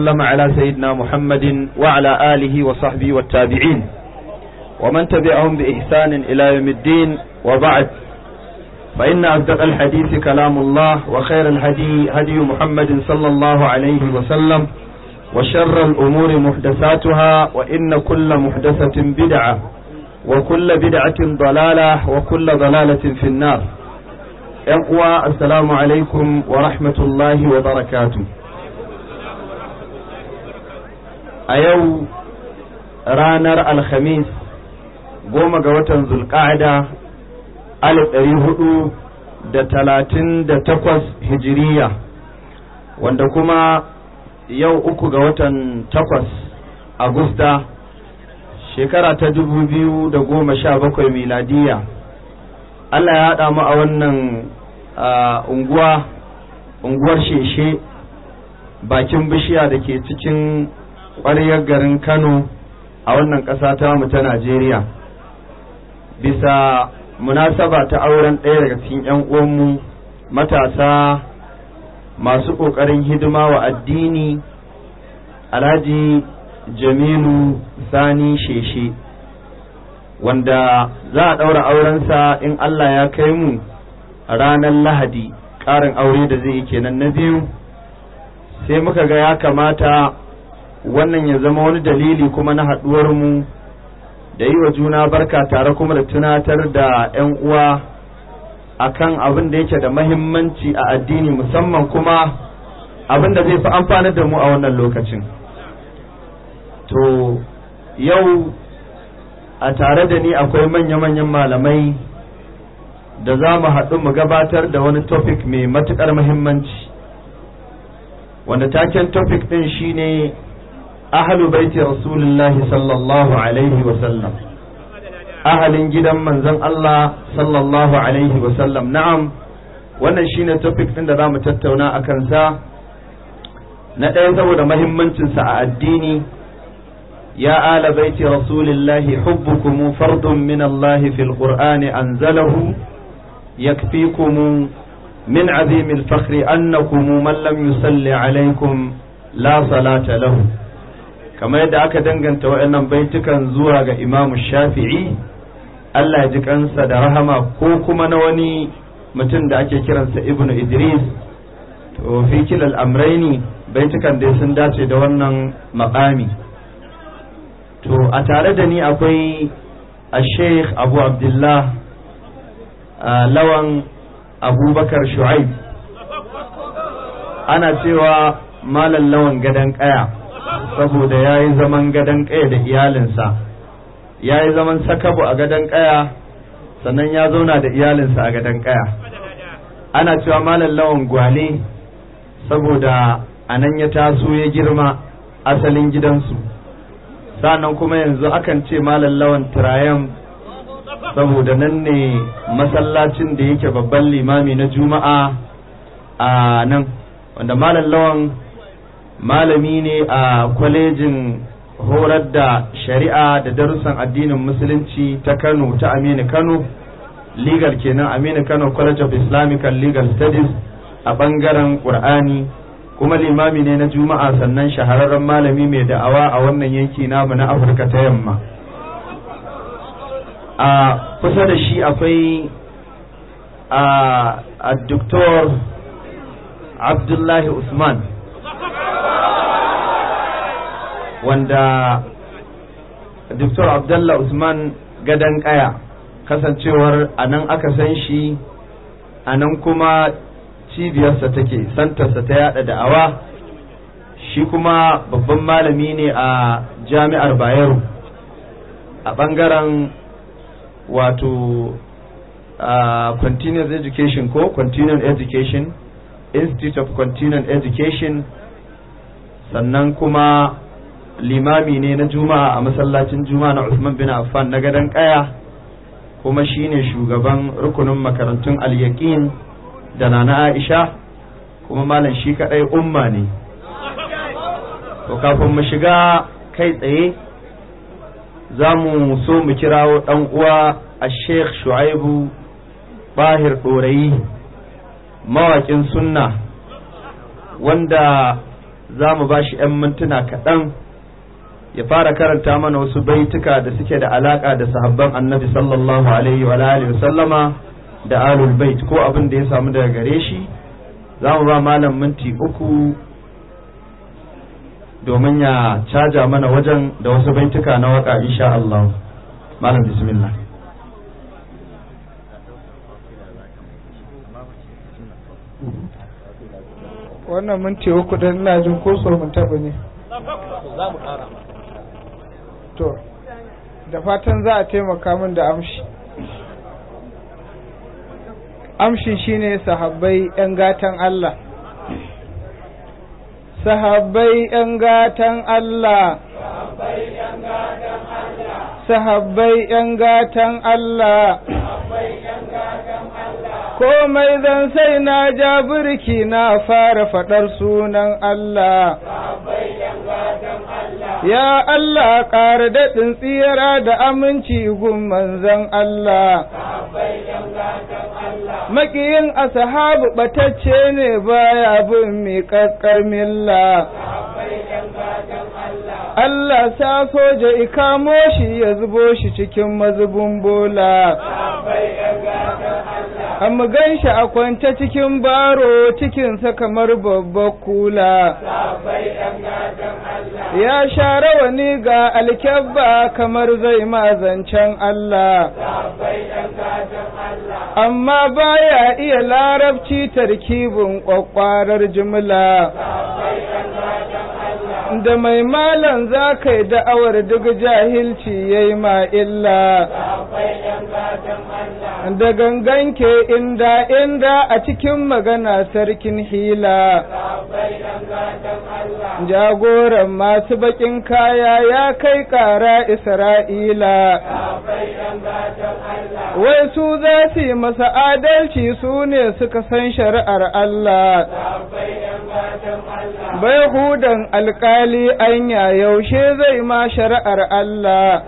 وسلم على سيدنا محمد وعلى آله وصحبه والتابعين ومن تبعهم بإحسان إلى يوم الدين وبعد فإن أصدق الحديث كلام الله وخير الهدي هدي محمد صلى الله عليه وسلم وشر الأمور محدثاتها وإن كل محدثة بدعة وكل بدعة ضلالة وكل ضلالة في النار أقوى السلام عليكم ورحمة الله وبركاته a yau ranar alhamis goma ga watan zulƙa'ada alif ɗari hudu da talatin da takwas hijiriya wanda kuma yau uku ga watan takwas agusta shekara ta dubu biyu da goma sha bakwai miladiya allah ya haɗa mu a wannan unguwa unguwar sheshe bakin bishiya da ke cikin ƙwariyar garin kano a wannan ƙasa ta mu ta najeriya bisa munasaba ta auren ɗaya daga cikin 'yan uwanmu matasa masu ƙoƙarin hidima wa addini alhaji jamilu sani sheshe wanda za a ɗaura aurensa in allah ya kai mu ranar lahadi ƙarin aure da zai yi kenan na biyu sai muka ga ya kamata wannan ya zama wani dalili kuma na haɗuwar mu da yi wa juna barka tare kuma da tunatar da 'yan uwa a kan abin da yake da mahimmanci a addini musamman kuma abin da zai fi amfani da mu a wannan lokacin to yau a tare da ni akwai manya-manyan malamai da za mu haɗu mu gabatar da wani topic mai matuƙar mahimmanci wanda taken topic ɗin shine ahlu baiti rasulillahi sallallahu alaihi wa sallam ahalin gidan manzon Allah sallallahu alaihi wa sallam na'am wannan shine topic ɗin da zamu tattauna a kansa na ɗaya saboda mahimmancinsa a addini ya ala baiti rasulillahi hubbukumu fardun min Allah fil qur'ani anzalahu yakfikumu min azimil fakhri annakum man lam yusalli alaikum la salata lahu kamar yadda aka danganta waɗannan baitukan zuwa ga imamu shafi'i Allah ji kansa da rahama ko kuma na wani mutum da ake kiransa ibnu idris to fi kilal amraini baitukan dai sun dace da wannan maƙami to a tare da ni akwai a sheikh abu abdullah lawan abubakar shu'aib ana cewa malam lawan gadon ƙaya saboda ya yi zaman gadon ƙaya da iyalinsa ya yi zaman sakabu a gadon ƙaya sannan ya zauna da iyalinsa a gadon ƙaya ana cewa malam lawan gwale saboda a nan ya taso ya girma asalin gidansu sannan kuma yanzu akan ce malallawan lawan tirayen saboda nan ne masallacin da yake babban limami na juma'a a nan wanda malallawan. lawan malami ne a kwalejin horar da shari'a da darussan addinin musulunci ta kano ta aminu kano legal kenan aminu kano college of islamic and legal studies a bangaren qur'ani kuma limami ne na juma'a sannan shahararren malami mai da'awa a wannan yanki namu na afirka ta yamma a kusa da shi akwai a doktor abdullahi usman wanda Dr. Abdullah Usman gadan kaya kasancewar a nan aka san shi a nan kuma cibiyarsa take santarsa ta yada da'awa shi kuma babban malami ne a jami'ar bayero a bangaren wato continuous education ko continuing education institute of continuing education sannan kuma limami ne na juma'a a masallacin juma'a na Usman bin Affan na gadon kaya kuma shine shugaban rukunin makarantun al-yaqin da nana Aisha kuma malam shi kadai umma ne to kafin mu shiga kai tsaye zamu so mu kirawo dan uwa a Sheikh Shu'aibu Bahir Dorayi mawakin sunna wanda za mu ba shi 'yan mintuna kaɗan ya fara karanta mana wasu baituka da suke da alaka da sahabban annabi sallallahu alaihi wa alihi sallama da alul bait ko abin da ya samu daga gare shi za mu ba malam minti uku domin ya caja mana wajen da wasu baituka na waka insha Allah malam bismillah wannan minti uku dan ina jin ko mun taba ne za mu kara to da fatan za a taimaka min da amshi amshin shine sahabbai 'yan gatan Allah sahabbai 'yan gatan Allah sahabbai 'yan gatan Allah komai zan sai na ja birki na fara faɗar sunan Allah ya Allah ƙara daɗin tsira da aminci gun manzan Allah. Makiyin ashabu ɓatacce ne baya bin miƙaƙƙar milla. Allah sa soja ikamo shi ya zubo shi cikin mazubin bola. mu gan shi a kwance cikin baro cikinsa kamar babbar kula ya share wani ga alkyabba kamar zai ma zancen Allah amma baya iya larabci tarkibin kwakwarar jimla da mai malan za ka yi da'awar duk jahilci ya yi ma illa da gangan ke inda inda a cikin magana sarkin hila jagoran masu bakin kaya ya kai kara isra'ila wai su za su yi masa adalci su ne suka san shari'ar Allah bai hudan alƙali alkali anya yaushe zai ma shari'ar Allah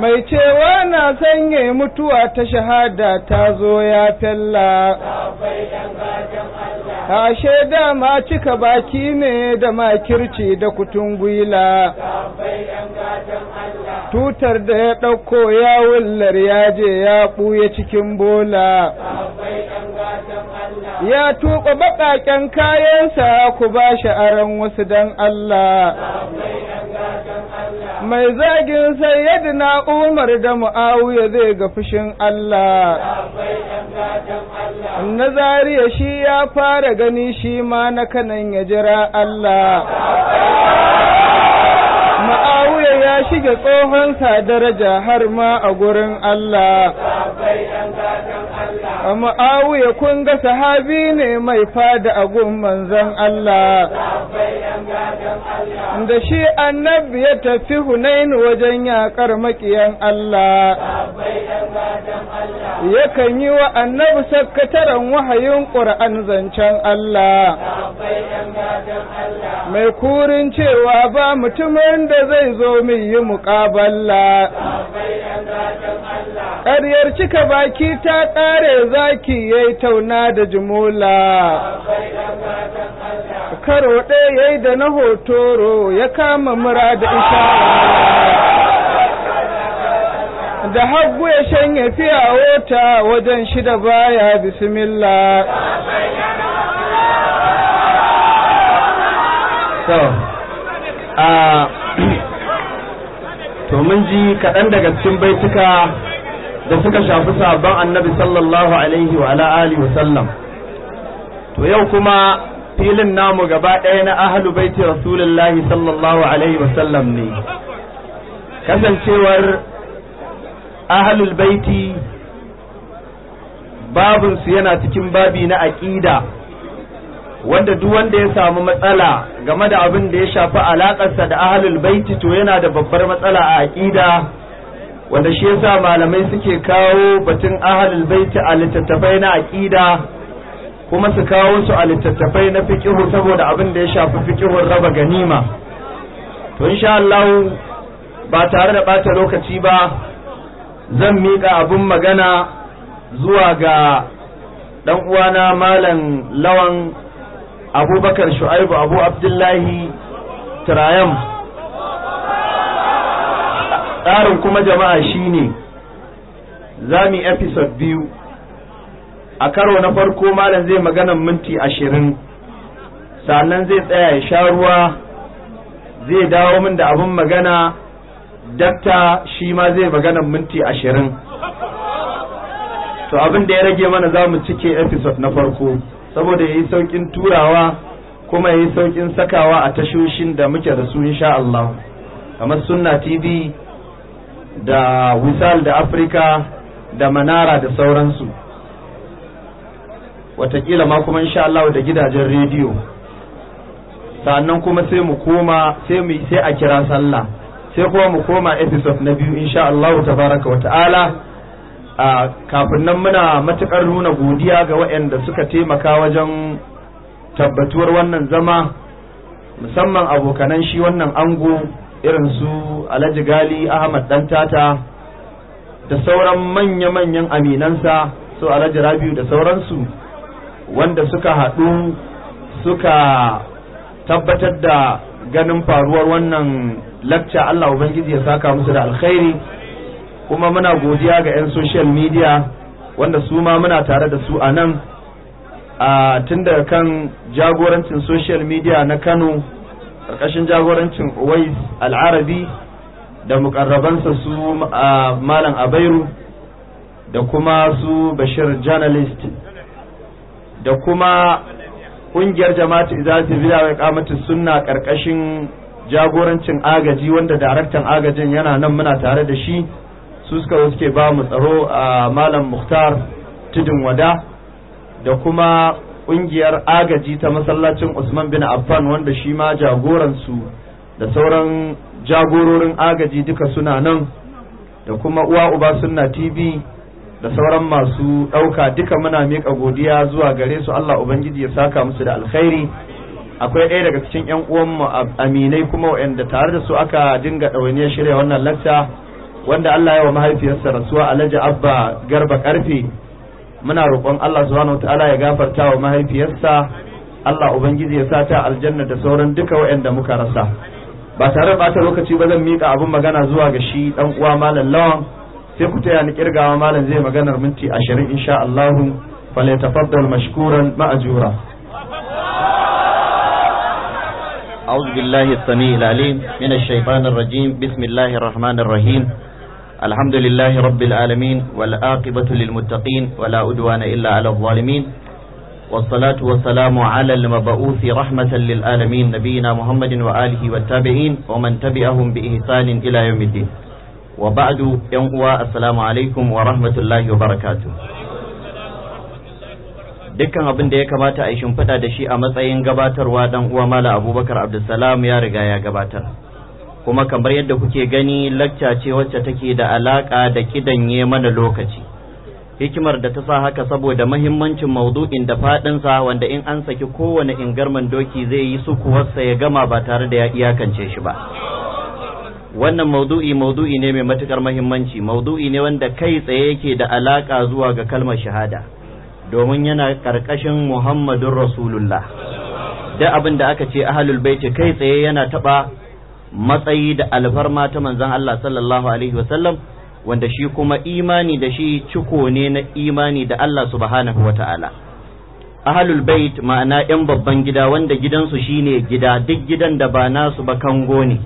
mai cewa na sanye mutuwa ta shahada ta zo ya fella ashe ma cika baki ne da ma kirci da kutungwila tutar da ya ɗauko ya wullar ya je ya ɓuya cikin bola ya tuƙa baƙaƙen kayansa ku ba shi yaran wasu dan Allah mai zagin na Umar da Muawiya zai ga fushin Allah na zariya shi ya fara gani shi ma na kanan ya jira Allah Muawiya ya shige sa daraja har ma a gurin Allah Mu'awiya kun ga sahabi ne mai fada a gun manzon Allah. Da shi annabi ya tafi Hunain wajen yaƙar maƙiyan Allah. Yakan yi wa annabi sakataren wahayin ƙur'an zancen Allah. Mai kurin cewa ba mutumin da zai zo min yi muƙaballa. Ƙaryar cika baki ta ƙare zaki yayi tauna da Jumula. karo ɗaya ya yi da na hotoro ya kama mura da isa. da hagu ya shanye fiya wota wajen shida baya bismillah ah, to mun ji kaɗan daga cikin baituka da suka shafi sabon annabi sallallahu alaihi wa ala alihi wasallam to yau kuma filin namu gaba ɗaya na ahlu baiti rasulullahi sallallahu alaihi wasallam ne kasancewar ahlul baiti babinsu yana cikin babi na aƙida wanda duk wanda ya samu matsala game da abin da ya shafi alaƙarsa da ahlul baiti to yana da babbar matsala a aƙida wanda shi yasa malamai suke kawo batun ahalul baiti a littattafai na aqida kuma su kawo su a littattafai na fiqhu saboda abin da ya shafi fiqhu raba ganima to insha Allah ba tare da bata lokaci ba zan mika abun magana zuwa ga dan uwana malam lawan Abubakar Shu'aibu Abu Abdullahi trayam tsarin kuma jama'a shine za mu episode biyu a karo na farko malam zai magana minti ashirin sannan zai tsaya ya sha ruwa zai dawo min da abin magana dakta shi ma zai magana minti ashirin to abin da ya rage mana za mu cike episode na farko saboda ya yi saukin turawa kuma ya yi saukin sakawa a tashoshin da muke da su insha Allah kamar sunna tv da wisal da afirka da manara da sauransu watakila ma kuma insha Allah da gidajen rediyo sannan kuma sai mu koma sai mu sai a kira sallah sai kuma mu koma episode na biyu insha Allah tabaraka wata'ala a kafin nan muna matukar nuna godiya ga waɗanda suka taimaka wajen tabbatuwar wannan zama musamman abokanan shi wannan ango irin su alhaji gali ahmad dan tata da sauran manya-manyan aminansa su alhaji rabiu da sauransu wanda suka haɗu suka tabbatar da ganin faruwar wannan lakca allah ubangiji ya saka musu da alkhairi kuma muna godiya ga 'yan social media wanda su ma muna tare da su a nan a tun daga kan jagorancin social media na kano karkashin jagorancin Uwais al-Arabi da mukarrabansa su Malam Abairu da kuma su Bashir journalist da kuma ƙungiyar jama'atu izati bila wa kamata sunna ƙarƙashin jagorancin agaji wanda daraktan agajin yana nan muna tare da shi su suka suke ba mu tsaro a Malam Muktar Tudun Wada da kuma ƙungiyar agaji ta masallacin Usman bin Affan wanda shi ma jagoransu da sauran jagororin agaji duka suna nan da kuma uwa uba sunna TV da sauran masu ɗauka duka muna mika godiya zuwa gare su Allah Ubangiji ya saka musu da alkhairi akwai ɗaya daga cikin ƴan uwanmu aminai kuma waɗanda tare da su aka dinga ɗawainiyar shirya wannan lacca wanda Allah ya wa mahaifiyarsa rasuwa Alhaji Abba Garba Karfe muna roƙon Allah subhanahu wataala ya gafarta wa mahaifiyarsa Allah ubangiji ya sa ta aljanna da sauran duka waɗanda muka rasa ba tare da lokaci ba zan miƙa abin magana zuwa ga shi dan uwa malam lawan sai ku taya ni kirgawa malam zai maganar minti ashirin insha Allah falyatafaddal mashkuran ma'ajura أعوذ بالله السميع العليم من الشيطان الرجيم بسم الله الرحمن الرحيم الحمد لله رب العالمين والآقبة للمتقين ولا أدوان إلا على الظالمين والصلاة والسلام على المبعوث رحمة للعالمين نبينا محمد وآله والتابعين ومن تبعهم بإحسان إلى يوم الدين وبعد يوم السلام عليكم ورحمة الله وبركاته dukkan abin da ya kamata a yi shimfiɗa da shi a matsayin gabatarwa dan uwa mala abubakar abdulsalam ya riga ya gabatar kuma kamar yadda kuke gani lacca ce wacce take da alaka da kidanye mana lokaci hikimar da ta sa haka saboda mahimmancin maudu'in da faɗinsa wanda in an saki kowane ingarman doki zai yi sukuwarsa ya gama ba tare da ya iyakance shi ba wannan maudu'i maudu'i ne mai matukar mahimmanci maudu'i ne wanda kai tsaye yake da alaka zuwa ga kalmar shahada domin yana karkashin muhammadun rasulullah da abin da aka ce ahlul baiti kai tsaye yana taba matsayi da alfarma ta manzan Allah sallallahu alaihi wasallam wanda shi kuma imani da shi ciko ne na imani da Allah subhanahu ta'ala. ahalul bait ma'ana yan babban gida wanda gidansu shine gida duk gidan da ba nasu ba kango ne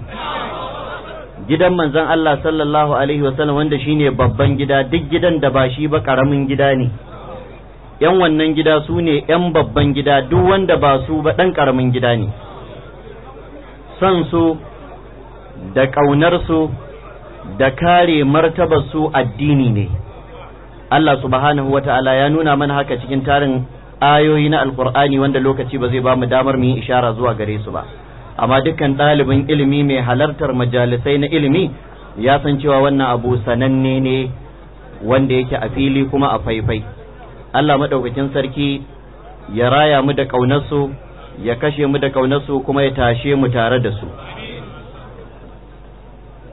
gidan manzan Allah sallallahu alaihi wasallam wanda shine babban gida duk gidan da ba shi ba karamin gida ne yan wannan gida su ne yan babban gida duk wanda ba su ba ɗan ƙaramin gida ne son su da ƙaunarsu da kare martabarsu addini ne Allah subhanahu ta'ala ya nuna mana haka cikin tarin ayoyi na alkur'ani wanda lokaci ba zai ba mu damar mu yi ishara zuwa gare su ba amma dukkan ɗalibin ilimi mai halartar majalisai na ilimi ya san cewa wannan abu sananne ne wanda yake a fili kuma a faifai Allah maɗaukakin sarki ya raya mu da ƙaunarsu ya kashe mu da ƙaunarsu kuma ya tashe mu tare da su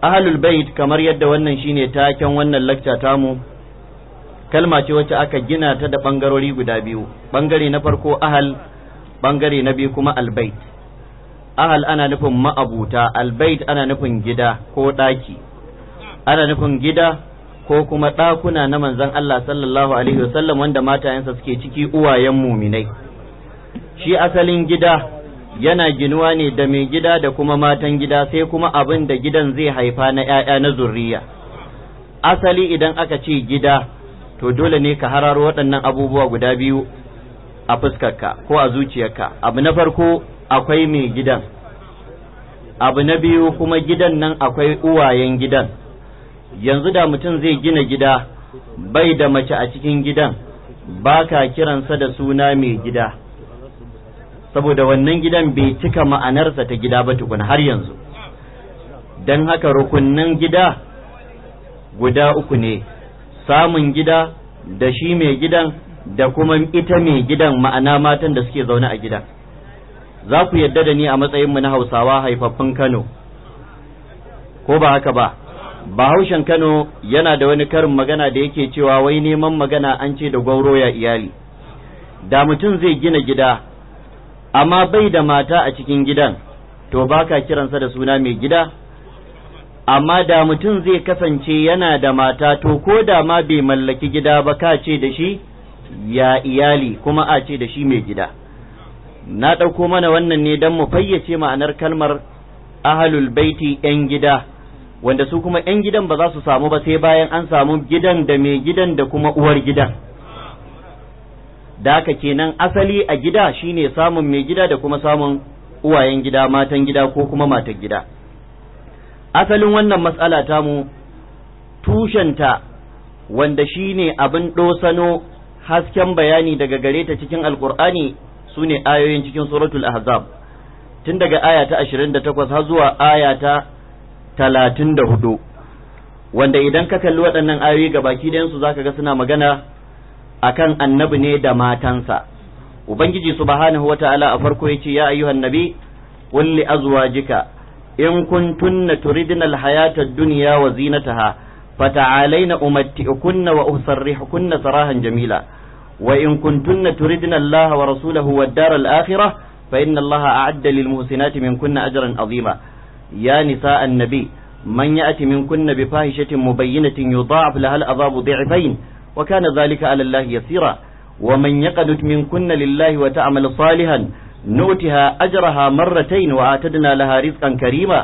ahlul bait kamar yadda wannan shine taken wannan lecture tamu kalma ce wacce aka gina ta da bangarori guda biyu bangare na farko ahal bangare na biyu kuma albait ahal ana nufin ma'abuta albait ana nufin gida ko daki ana nufin gida ko kuma ɗakuna na manzon Allah sallallahu alaihi wasallam wanda matayensa suke ciki uwayen muminai shi asalin gida yana ginuwa ne da mai gida da kuma matan gida sai kuma abin da gidan zai haifa na ‘ya'ya na zurriya asali idan aka ce gida to dole ne ka hararo waɗannan abubuwa guda biyu a fuskarka ko a zuciyarka abu na farko akwai mai gidan abu na biyu kuma gidan nan akwai uwayen gidan yanzu da mutum zai gina gida bai da mace a cikin gidan ba ka kiransa da suna mai gida saboda wannan gidan bai cika ma'anarsa ta gida ba tukuna har yanzu don haka rukunnan gida guda uku ne samun gida da shi mai gidan da kuma ita mai gidan ma'ana matan da suke zaune a gida. za ku yadda da ni a matsayinmu na hausawa haifaffun kano ko ba haka ba bahaushen kano yana da wani karin magana da yake cewa wai neman magana an ce da gwauro ya iyali da mutum zai gina gida amma bai da mata a cikin gidan to baka kiransa da suna mai gida amma da mutum zai kasance yana da mata to ko da ma bai mallaki gida ba ka ce da shi ya iyali kuma a ce da shi mai gida na ɗauko mana wannan ne don mu fayyace ma'anar kalmar ahalul baiti 'yan gida wanda su kuma 'yan gidan ba za su samu ba sai bayan an samu gidan da mai gidan da kuma uwar gidan da aka kenan asali a gida shine samun mai gida da kuma samun uwayen gida matan gida ko kuma matan gida asalin wannan matsala tamu tushenta wanda shine abin dosano hasken bayani daga gare ta cikin alkur'ani su ne ayoyin cikin suratul ahzab tun daga aya ta 28 har zuwa aya ta 34 wanda idan ka kalli waɗannan ayoyi ga baki ɗayansu za ka ga suna magana akan annabi ne da matansa ubangiji subhanahu wataala a farko ce ya ayyuhan nabi qul azuwa azwajika in kuntunna turidna alhayata ad-dunya wa zinataha fata'alaina umatti'ukunna wa usarrihukunna sarahan jamila wa in kuntunna turidna allaha wa rasulahu wad-dara al-akhirah fa inna allaha a'adda lil muhsinati minkunna ajran 'azima ya nisa an-nabi man ya'ti minkunna bi fahishatin mubayyinatin yudha'af laha al-'adhabu dhi'fayn وكان ذلك على الله يسيرا ومن من منكن لله وتعمل صالحا نؤتها أجرها مرتين وآتدنا لها رزقا كريما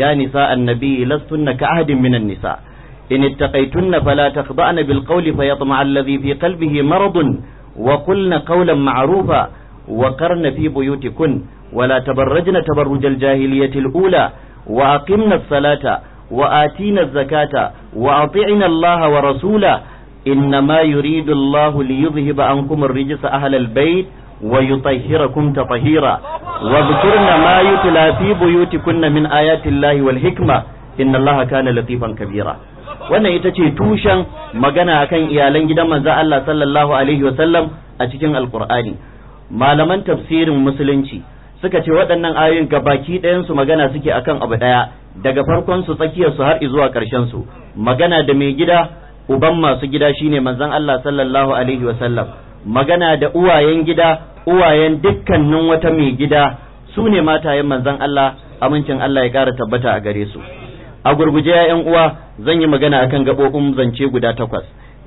يا نساء النبي لستن كعهد من النساء إن اتقيتن فلا تخضعن بالقول فيطمع الذي في قلبه مرض وقلن قولا معروفا وقرن في بيوتكن ولا تبرجن تبرج الجاهلية الأولى وأقمن الصلاة وآتينا الزكاة وأطعنا الله ورسوله إنما يريد الله ليذهب عنكم الرجس أهل البيت ويطهركم تطهيرا واذكرن ما يتلى في بيوتكن من آيات الله والحكمة إن الله كان لطيفا كبيرا wannan ita ce tushen magana akan iyalan gidan manzo Allah sallallahu alaihi wasallam a cikin alqur'ani malaman tafsirin musulunci suka ce waɗannan ayoyin baki ɗayan su magana suke akan abu ɗaya daga farkon su tsakiyar su har zuwa ƙarshen su magana da mai gida uban masu gida shine manzon Allah sallallahu alaihi wa sallam magana da uwayen gida uwayen dukkanin wata mai gida sune ne matayen manzon Allah amincin Allah ya kara tabbata a gare su a gurguje ya uwa zan yi magana akan gaɓoɓin zance guda takwas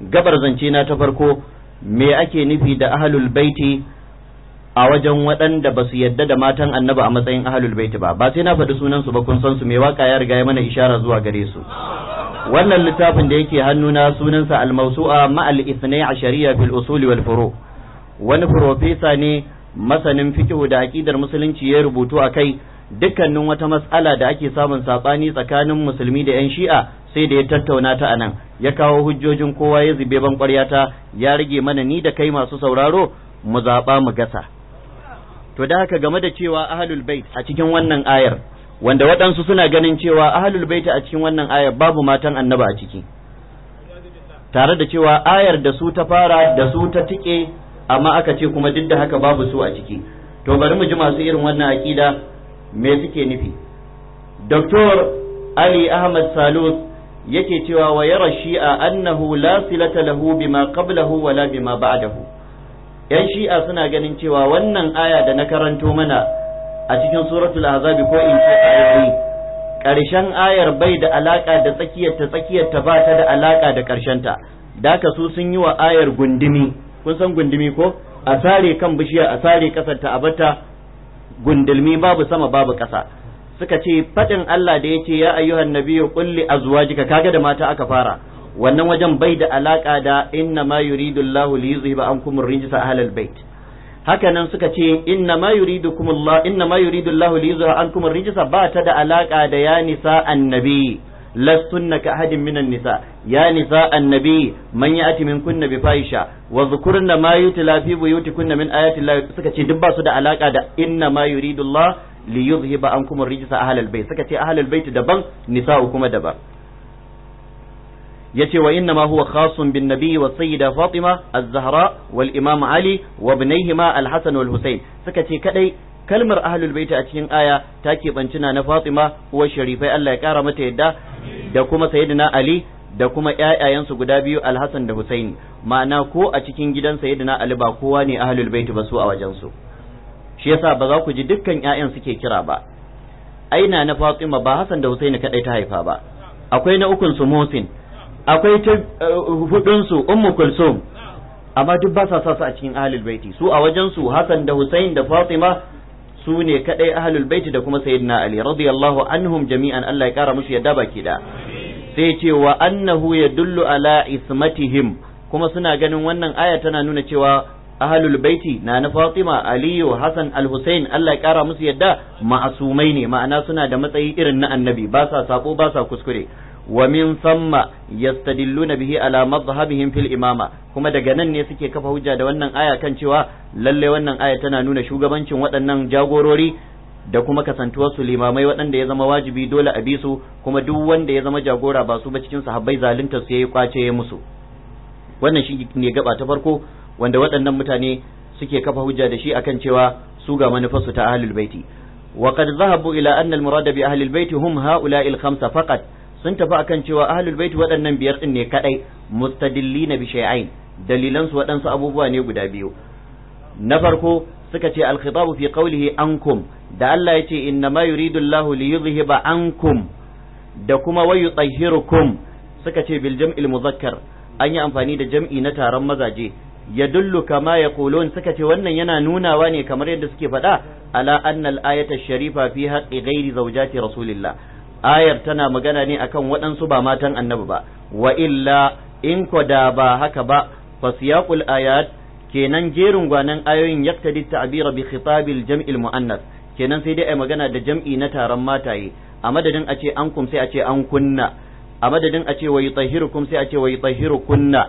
gabar zance na ta farko me ake nufi da ahlul baiti a wajen waɗanda ba su yadda da matan annabi a matsayin ahlul baiti ba ba sai na faɗi sunansu su ba kun san su me waka ya riga ya mana ishara zuwa gare su wannan littafin da yake hannu hannuna sunansa al-mawsu'a ma'al ithnai ashariya fil usul wal furu wani profesa ne masanin fiqh da aqidar musulunci ya rubutu akai dukkanin wata mas'ala da ake samun sabani tsakanin musulmi da yan shi'a sai da ya tattauna ta anan ya kawo hujjojin kowa ya zube ban ta, ya rage mana ni da kai masu sauraro mu zaɓa mu gasa to da haka game da cewa ahlul bait a cikin wannan ayar wanda waɗansu suna ganin cewa ahlul baiti a cikin wannan aya babu matan annaba a ciki tare da cewa ayar da su ta fara da su ta tike amma aka ce kuma duk da haka babu su a ciki to bari mu ji masu irin wannan aƙida me suke nufi Dr. Ali Ahmad Salus yake cewa wa yara shi'a annahu la silata lahu bima qablahu wala bima ba'dahu yan shi'a suna ganin cewa wannan aya da na karanto mana a cikin suratul azabi ko in ce ayoyi ƙarshen ayar bai da alaƙa da tsakiyarta tsakiyarta ba ta da alaƙa da ƙarshenta da daka su sun yi wa ayar gundumi kun san gundumi ko a sare kan bishiya a sare kasar ta bata gundulmi babu sama babu ƙasa suka ce faɗin Allah da ya ce ya ayyuhan nabiyyu qul li azwajika kaga da mata aka fara wannan wajen bai da alaƙa da inna ma yuridu Allahu li yuzhiba ankum rijsa ahlal bait haka nan suka ce inna ma yuridukumullah inna ma yuridullahu liyuzhiba ankum ar-rijsa ba ta da alaka da ya nisa annabi lastunna ka ahadin minan nisa ya nisa annabi man ya'ti kunna bi fahisha wa dhkurna ma yutla fi buyutikunna min ayati llahi suka ce duk ba su da alaka da inna ma yuridullah liyuzhiba ankum ar-rijsa ahlal bayt suka ce ahlal bayt daban nisa kuma daban yace wa inna ma huwa khasun bin nabi wa sayyida fatima az-zahra wal imam ali wa ibnayhima al-hasan wal husayn suka ce kadai kalmar ahlul baiti a cikin aya ta keɓanci na fatima uwar sharifai Allah ya kara mata yadda da kuma sayyidina ali da kuma ƴaƴayensu guda biyu alhassan da husaini ma'ana ko a cikin gidan sayyidina ali ba kowa ne ahlul baiti ba su a wajensu shi yasa ba za ku ji dukkan ƴaƴan suke kira ba aina na fatima ba hassan da husaini kadai ta haifa ba akwai na ukun su akwai ta eh, hudun su ummu kulsum amma duk ba sa sa su a cikin ahlul baiti su a wajen su Hassan da Husain da Fatima su ne kadai ahlul baiti da kuma sayyidina Ali radiyallahu anhum jami'an Allah ya kara musu yadda baki da sai ce wa annahu yadullu ala ismatihim kuma suna ganin wannan aya tana nuna cewa ahlul baiti na na Fatima Aliyu Hassan al-Husain Allah ya kara musu yadda ma'asumai ne ma'ana suna da matsayi irin na annabi ba sa sako ba sa kuskure wa min thumma yastadilluna bihi ala madhhabihim fil imama kuma daga nan ne suke kafa hujja da wannan aya kan cewa lalle wannan aya tana nuna shugabancin waɗannan jagorori da kuma kasantuwar su limamai waɗanda ya zama wajibi dole a bi su kuma duk wanda ya zama jagora ba su ba cikin sahabbai zalunta su yayi kwace ya musu wannan shi ne gaba ta farko wanda waɗannan mutane suke kafa hujja da shi akan cewa su ga manufarsu ta ahlul baiti wa qad zahabu ila anna al murada bi ahlil baiti hum ha'ula'il khamsa faqat sun tafi akan cewa ahlul baiti waɗannan biyar din ne kadai mustadillina bi shay'ain dalilan su waɗansu abubuwa ne guda biyu na farko suka ce al-khitab fi qawlihi ankum da Allah yace inna ma yuridu Allahu li yuzhiba ankum da kuma wa yutahhirukum suka ce bil jam'il muzakkar an yi amfani da jam'i na taron mazaje ya dullu kama ya kulun suka ce wannan yana nunawa ne kamar yadda suke faɗa ala anna ayata sharifa fi haqqi ghairi zawjati rasulillah ayar tana magana ne akan waɗansu ba matan annabi ba wa illa in ko da ba haka ba fasiyaqul ayat kenan jerin gwanan ayoyin yaktadi ta'bira bi khitabil jam'il muannas kenan sai dai ai magana da jam'i na taron mataye a madadin a ce an kum sai a ce an kunna a madadin a ce wa yutahhirukum sai a ce wa yutahhirukunna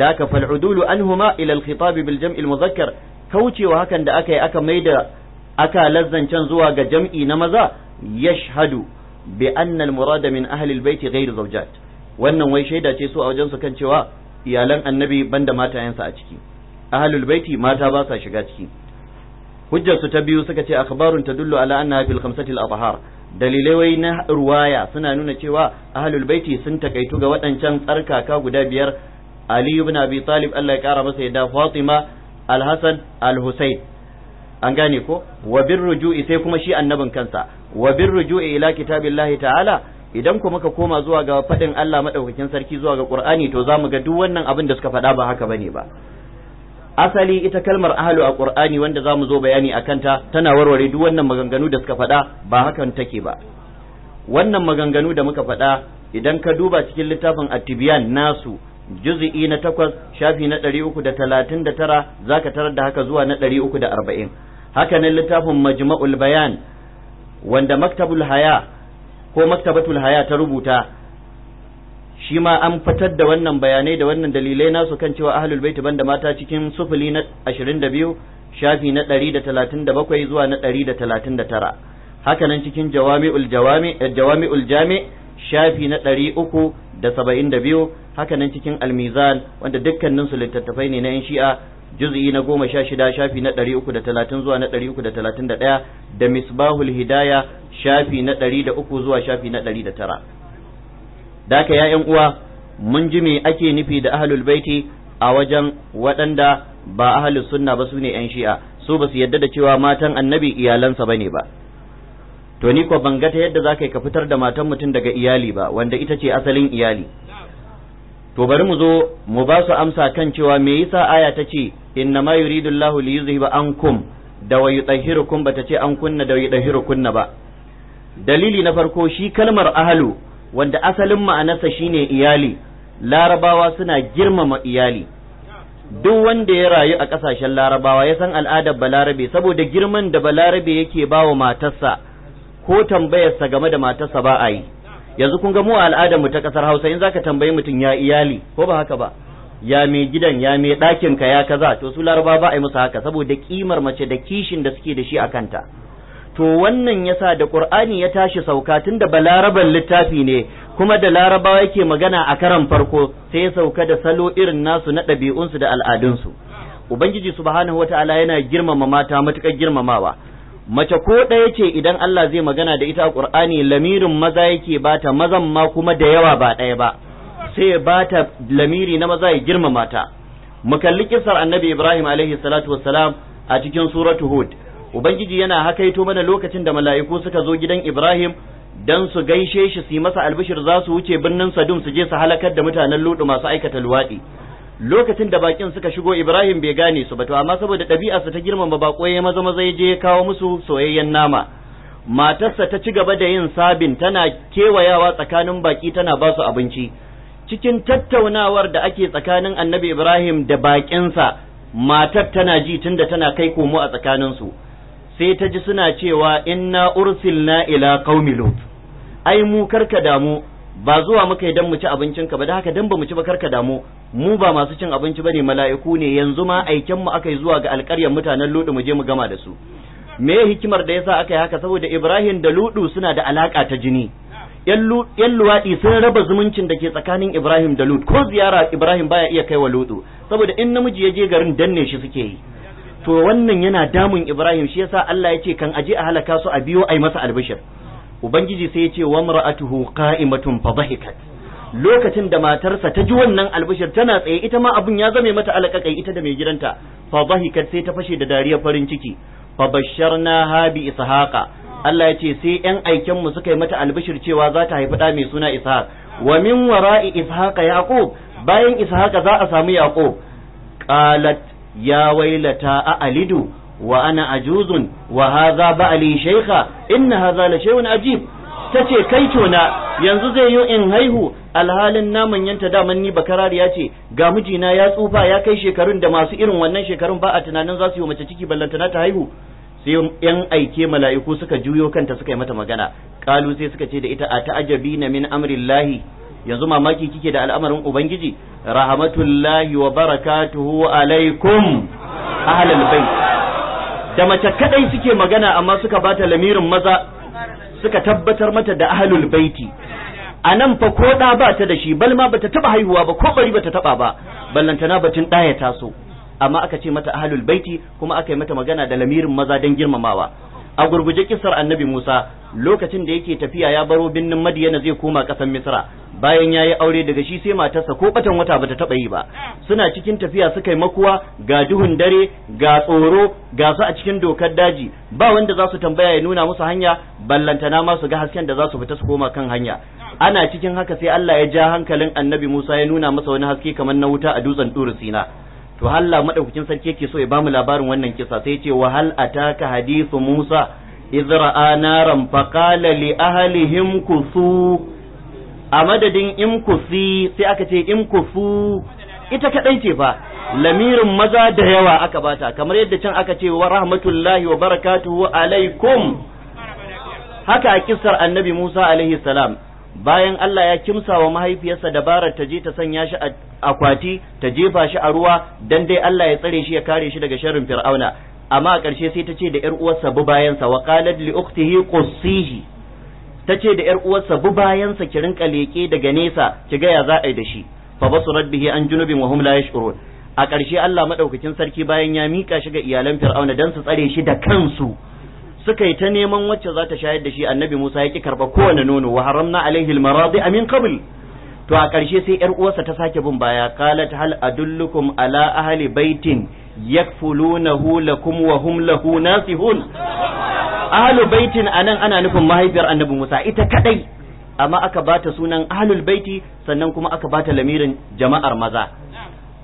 da ka fal udulu anhuma ila al khitab bil jam'il muzakkar kaucewa hakan da aka yi aka maida aka lazzancen zuwa ga jam'i na maza yashhadu bi anna murada min ahlil baiti bayt zawjat wannan wai shaida ce su a wajen su kan cewa iyalan annabi banda matayensa a ciki ahlul baiti mata ba sa shiga ciki hujjar su ta biyu suka ce akhbarun tadullu ala anna fil khamsati al-azhar dalilai wai na ruwaya suna nuna cewa ahlul baiti sun takaitu ga waɗancan tsarkaka guda biyar Ali ibn Abi Talib Allah ya kara masa yadda Fatima Al-Hasan Al-Husayn an gane ko wa bin ruju'i sai kuma shi annabin kansa wa bin ruju'i ila kitabillahi ta'ala idan kuma muka koma zuwa ga faɗin Allah madaukakin sarki zuwa ga Qur'ani to zamu ga duk wannan abin da suka faɗa ba haka bane ba asali ita kalmar ahlu a Qur'ani wanda zamu zo bayani akan ta tana warware duk wannan maganganu da suka faɗa ba hakan take ba wannan maganganu da muka faɗa idan ka duba cikin littafin at-tibyan nasu juz'i na takwas shafi na ɗari uku da talatin da tara za tarar da haka zuwa na ɗari uku da arba'in haka nan littafin majma'ul bayan wanda maktabul haya ko maktabatul haya ta rubuta shi ma an fitar da wannan bayanai da wannan dalilai nasu kan cewa ahlul baiti banda mata cikin sufuli na 22 shafi na 137 zuwa na 139 haka nan cikin jawami'ul jawami eh, jawami'ul jami shafi na 372 haka nan cikin almizan wanda dukkanin su littattafai ne na yan shi'a juz'i na goma sha shida shafi na ɗari uku da talatin zuwa na ɗari uku da talatin da ɗaya da misbahul hidaya shafi na ɗari da uku zuwa shafi na ɗari da tara da ka ya uwa mun ji me ake nufi da ahlul baiti a wajen waɗanda ba ahlus sunna ba sune ne yan shi'a su ba su yadda da cewa matan annabi iyalansa bane ba to ni ko ban yadda za ka ka fitar da matan mutum daga iyali ba wanda ita ce asalin iyali to bari mu zo mu ba su amsa kan cewa me yasa aya ta ce inna ma yuridu Allahu li yuzhiba ankum da wa yutahhirukum bata ce an kunna da kunna ba dalili na farko shi kalmar ahlu wanda asalin ma'anarsa shine iyali larabawa suna girmama iyali duk wanda ya rayu a ƙasashen larabawa ya san al'adar balarabe saboda girman da balarabe yake ba matarsa ko tambayarsa game da matarsa ba a yi yanzu kun ga mu a al'adar mu ta kasar Hausa in zaka tambayi mutum ya iyali ko ba haka ba ya me gidan ya me ɗakin ka ya kaza to su laraba ba a musu haka saboda kimar mace da kishin da suke da shi a kanta to wannan yasa da qur'ani ya tashi sauka tun da balaraban littafi ne kuma da larabawa yake magana a karan farko sai ya sauka da salo irin nasu na ɗabi'unsu da al'adunsu ubangiji subhanahu wataala yana girmama mata matukar girmamawa mace ko ɗaya ce idan Allah zai magana da ita a lamirin maza yake bata mazan ma kuma da yawa ba ɗaya ba sai bata lamiri na maza ya girmama ta mu kalli kisar Annabi Ibrahim alaihi salatu wassalam a cikin suratu Hud ubangiji yana hakaito mana lokacin da mala'iku suka zo gidan Ibrahim dan su gaishe shi su yi masa albishir za su wuce birnin Sadum su je su halakar da mutanen ludu masu aikata luwaɗi lokacin da bakin suka shigo Ibrahim bai gane su ba to amma saboda ɗabi'arsa ta girmama bako ya maza maza ya je ya kawo musu soyayyen nama matarsa ta ci gaba da yin sabin tana kewayawa tsakanin baki tana ba su abinci cikin tattaunawar da ake tsakanin Annabi Ibrahim da bakinsa matar tana ji tunda tana kai komo a tsakaninsu sai ta ji suna cewa inna ursilna ila qaumi lut ai mu karka damu ba zuwa muka yi dan mu ci abincin ka ba da haka dan ba mu ci ba karka damu mu ba masu cin abinci bane mala'iku ne yanzu ma aikin mu aka yi zuwa ga alƙaryar mutanen ludu mu je mu gama da su me hikimar da yasa aka yi haka saboda Ibrahim da ludu suna da alaka ta jini yan luwaɗi sun raba zumuncin da ke tsakanin Ibrahim da ludu ko ziyara Ibrahim baya iya kai wa ludu saboda in namiji ya je garin danne shi suke yi to wannan yana damun Ibrahim shi yasa Allah ya ce kan aje a halaka su a biyo yi masa albishir ubangiji sai ya ce wa mar'atuhu qa'imatun fa dhahikat lokacin da matarsa ta ji wannan albishir tana tsaye ita ma abun ya zame mata alƙaƙai ita da mai gidanta fa dhahikat sai ta fashe da dariya farin ciki fa ha bi ishaqa Allah ya ce sai ‘yan mu suka yi mata albishir cewa za ta haifi ɗa mai suna Ishaq, wa min wara'i Ishaqa Yaqub bayan Ishaqa za a samu Yaqub. Qalat ya wailata a alidu wa ana ajuzun wa hadha ba'li shaykha inna hadha la shay'un ajib tace kai tona yanzu zai yi in haihu alhalin naman yanta daman ni bakarariya ce ga mijina ya tsufa ya kai shekarun da masu irin wannan shekarun ba a tunanin za su yi mace ciki ballantana ta haihu sai yan aike mala'iku suka juyo kanta suka yi mata magana kalu sai suka ce da ita a ta'ajabi na min amrillahi yanzu mamaki kike da al'amarin ubangiji rahmatullahi wa barakatuhu alaikum ahlal bait da mace kadai suke magana amma suka bata lamirin maza suka tabbatar mata da ahlul baiti a nan fa ko da ba ta da shi balma bata taba haihuwa ba ko bari bata taba ba ballantana batun ya taso amma aka ce mata ahlul baiti kuma aka yi mata magana da lamirin maza don girmamawa a gurguje kisar annabi Musa lokacin da yake tafiya ya baro binnin Madiyana zai koma ƙasar Misra bayan ya yi aure daga shi sai matarsa ko batan wata bata taɓa yi ba suna cikin tafiya suka yi makuwa ga duhun dare ga tsoro ga su a cikin dokar daji ba wanda za su tambaya ya nuna musu hanya ballantana ma su ga hasken da za su fita su koma kan hanya ana cikin haka sai Allah ya ja hankalin Annabi Musa ya nuna masa wani haske kamar na wuta a dutsen Turu Sina to halla madaukakin sarki yake so ya bamu labarin wannan kisa sai ce wa hal ataka hadithu Musa idh na naran faqala li ahlihim kusu a madadin imkusi sai aka ce imkusu ita kadai ce fa lamirin maza da yawa aka bata kamar yadda can aka ce wa rahmatullahi wa barakatuhu alaikum haka a kissar annabi Musa alaihi salam bayan Allah ya kimsa wa mahaifiyarsa dabarar ta je ta sanya shi a akwati ta jefa shi a ruwa dan dai Allah ya tsare shi ya kare shi daga sharrin fir'auna amma a ƙarshe sai ta ce da yar uwarsa bi bayansa wa qalat li ukhtihi qussihi ta ce da 'yar uwarsa bu bayansa ki rinka leƙe daga nesa ki ga ya za a yi da shi fa basurat bihi an junubin wa hum la yash'urun a ƙarshe Allah madaukakin sarki bayan ya mika shi ga iyalan Fir'auna dan su tsare shi da kansu suka yi ta neman wacce za ta shayar da shi annabi Musa ya ki karba kowane nono wa haramna alaihi al-maradi amin qabl to a ƙarshe sai 'yar uwarsa ta sake bin baya qalat hal adullukum ala ahli baitin yakfulunahu lakum wa hum lahu nasihun ahlu baitin anan ana nufin mahaifiyar annabi Musa ita kadai amma aka bata sunan ahlul baiti sannan kuma aka bata lamirin jama'ar maza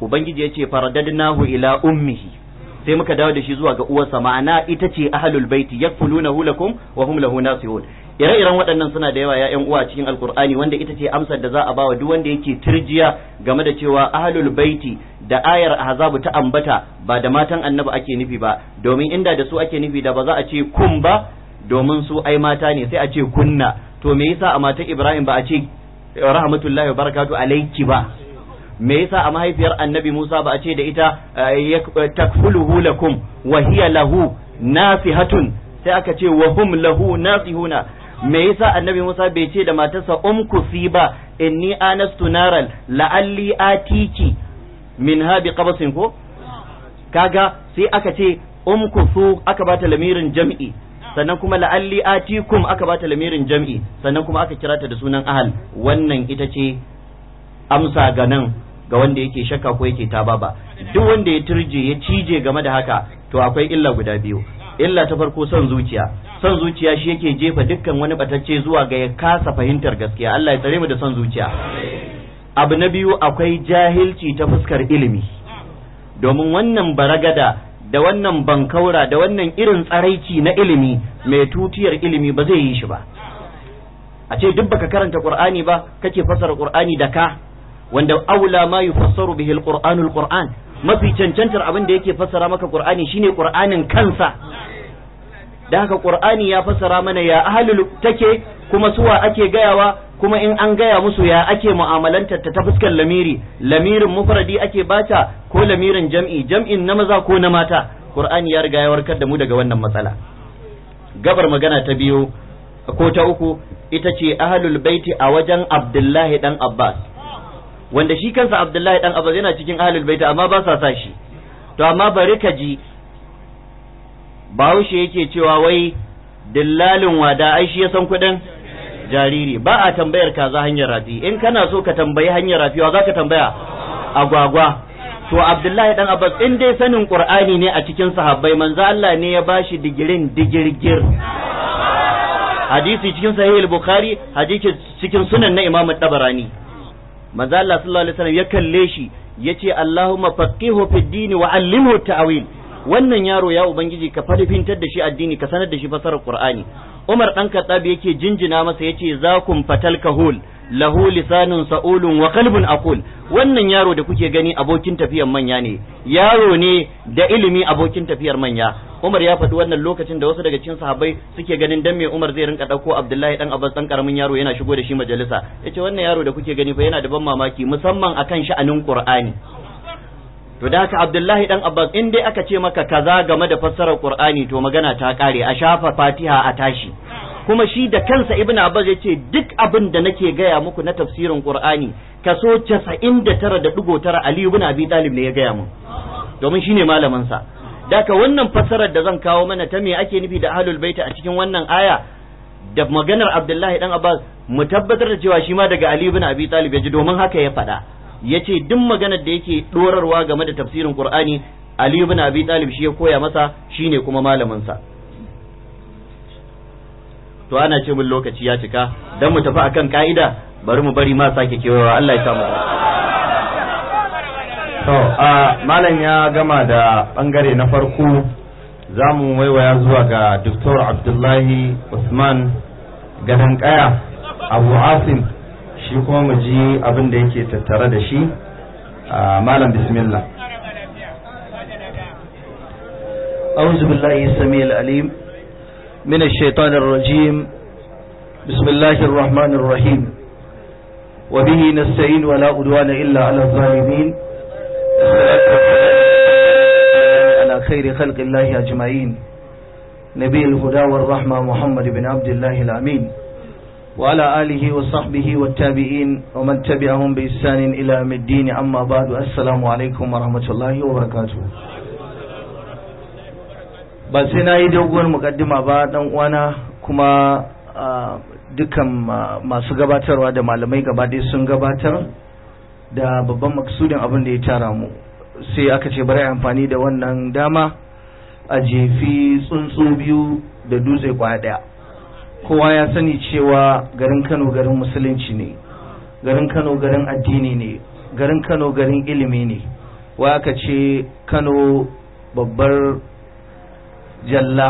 ubangiji yace ce faradadnahu ila ummihi sai muka dawo da shi zuwa ga uwarsa ma'ana ita ce ahlul baiti yakfulunahu lakum wa hum lahu nasihun ire-iren waɗannan suna da yawa ya'yan uwa cikin alkur'ani wanda ita ce amsar da za a bawa duk wanda yake turjiya game da cewa ahlul baiti da ayar ahzabu ta ambata ba da matan annabi ake nufi ba domin inda da su ake nufi da ba za a ce kun ba domin su ai mata ne sai a ce kunna to me yasa a matan ibrahim ba a ce eh, rahmatullahi wa barakatu alayki ba me yasa a mahaifiyar annabi Musa ba a ce da ita eh, eh, takfuluhu lakum wa hiya lahu nasihatun sai aka ce wa hum lahu nasihuna me yasa annabi Musa bai ce da matarsa umkusi ba inni anastu naral la'alli atiki ha bi qabasin ko kaga sai aka ce umkusu aka bata lamirin jam'i sannan kuma la'alli atikum aka bata lamirin jam'i sannan kuma aka kira ta da sunan ahal wannan ita ce amsa ga nan ga wanda yake shakka ko yake taba ba duk wanda ya turje ya cije game da haka to akwai illa guda biyu illa ta farko son zuciya son zuciya shi yake jefa dukkan wani batacce zuwa ga ya kasa fahimtar gaskiya Allah ya tsare mu da son zuciya abu na biyu akwai jahilci ta fuskar ilimi domin wannan baragada da wannan bankaura da wannan irin tsaraici na ilimi mai tutiyar ilimi ba zai yi shi ba a ce duk baka karanta qur'ani ba kake fasara qur'ani da ka wanda aula ma yufassaru bihi alqur'anu alqur'an mafi cancantar abin da yake fassara maka qur'ani shine qur'anin kansa da haka qur'ani ya fassara mana ya ahlul take kuma suwa ake gayawa kuma in an gaya musu ya ake mu'amalantar ta fuskar lamiri lamirin mufradi ake bata ko lamirin jam'i jam'in na maza ko na mata qur'ani ya riga ya warkar da mu daga wannan matsala gabar magana ta biyu ko ta uku ita ce ahlul baiti a wajen abdullahi dan abbas wanda shi kansa abdullahi dan abbas yana cikin ahlul baiti amma ba sa sa shi to amma bari ka ji bahaushe yake cewa wai dillalin wada ai shi ya san kuɗin jariri ba a tambayar kaza hanyar rafi in kana so ka tambayi hanyar rafi wa ka tambaya agwagwa to abdullahi dan abbas in dai sanin qur'ani ne a cikin sahabbai manzo Allah ne ya bashi digirin digirgir hadisi cikin sahih al-bukhari hadisi cikin sunan na imamu tabarani manzo Allah sallallahu alaihi wasallam ya kalle shi yace Allahumma faqihu fid din wa allimhu ta'wil wannan yaro ya ubangiji ka farfintar da shi addini ka sanar da shi fasarar qur'ani umar dan kaddabi yake jinjina masa yace zakum fatal kahul lahu lisanun sa'ulun wa qalbun aqul wannan yaro da kuke gani abokin tafiyar manya ne yaro ne da ilimi abokin tafiyar manya Umar ya faɗi wannan lokacin da wasu daga cikin sahabbai suke ganin dan me Umar zai rinka dauko Abdullahi dan Abbas dan karamin yaro yana shigo da shi majalisa yace wannan yaro da kuke gani fa yana da ban mamaki musamman akan sha'anin Qur'ani to da haka Abdullahi dan Abbas in dai aka ce maka kaza game da fassarar Qur'ani to magana ta kare a shafa Fatiha a tashi kuma shi da kansa Ibn Abbas ce duk abin da nake gaya muku na tafsirin Qur'ani kaso 99.9 Ali ibn Abi Talib ne ya gaya mu domin shine malamin sa daka wannan fassarar da zan kawo mana ta me ake nufi da Ahlul Bait a cikin wannan aya da maganar Abdullahi dan Abbas mu tabbatar da cewa shi ma daga Ali ibn Abi Talib ya ji domin haka ya faɗa Ya ce duk maganar da yake ɗorarwa game da tafsirin Kur'ani Ali ibn Abi Talib shi ya koya masa shi ne kuma malamin sa to ana ce mun lokaci ya cika dan mu tafi akan ka'ida bari mu bari ma sake kewayawa Allah ya samu to a malam ya gama da bangare na farko za mu waiwaya zuwa ga Dr. Abdullahi Usman gadan kaya Abu Asim shi kuma mu ji abin da yake tattare da shi malam bismillah أعوذ بالله السميع العليم من الشيطان الرجيم بسم الله الرحمن الرحيم وبه نستعين ولا أدوان إلا على الظالمين على خير خلق الله أجمعين نبي الهدى والرحمة محمد بن عبد الله الأمين وعلى آله وصحبه والتابعين ومن تبعهم بإحسان إلى يوم الدين أما بعد السلام عليكم ورحمة الله وبركاته ba sai na yi doguwar mukaddima ba dan uwana kuma dukan masu gabatarwa da malamai gaba ɗaya sun gabatar da babban maksudin abin da ya tara mu sai aka ce bari amfani da wannan dama a jefi tsuntsu biyu da dutse kwaya ɗaya. kowa ya sani cewa garin kano garin musulunci ne garin kano garin addini ne garin kano garin ilimi ne wa aka ce kano babbar jalla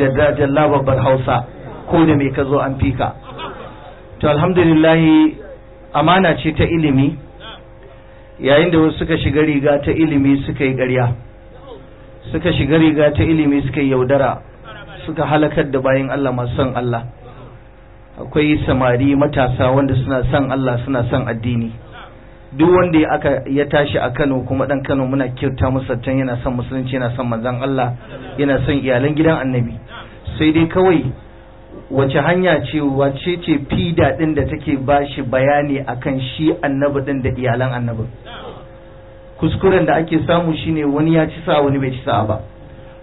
jadda jalla babbar hausa ko da mai ka zo an fika to alhamdulillahi amana ce ta ilimi yayin da wasu suka shiga riga ta ilimi suka yi ƙarya suka shiga riga ta ilimi suka yi yaudara suka halakar da bayan Allah masu son Allah akwai samari matasa wanda suna son Allah suna son addini duk wanda ya aka ya tashi a Kano kuma dan Kano muna kyauta masa tan yana son musulunci yana son manzon Allah yana son iyalan gidan Annabi sai dai kawai wace hanya ce wace ce fi din da take bashi bayani akan shi Annabi din da iyalan Annabi kuskuren da ake samu shine wani ya ci sa wani bai ci sa ba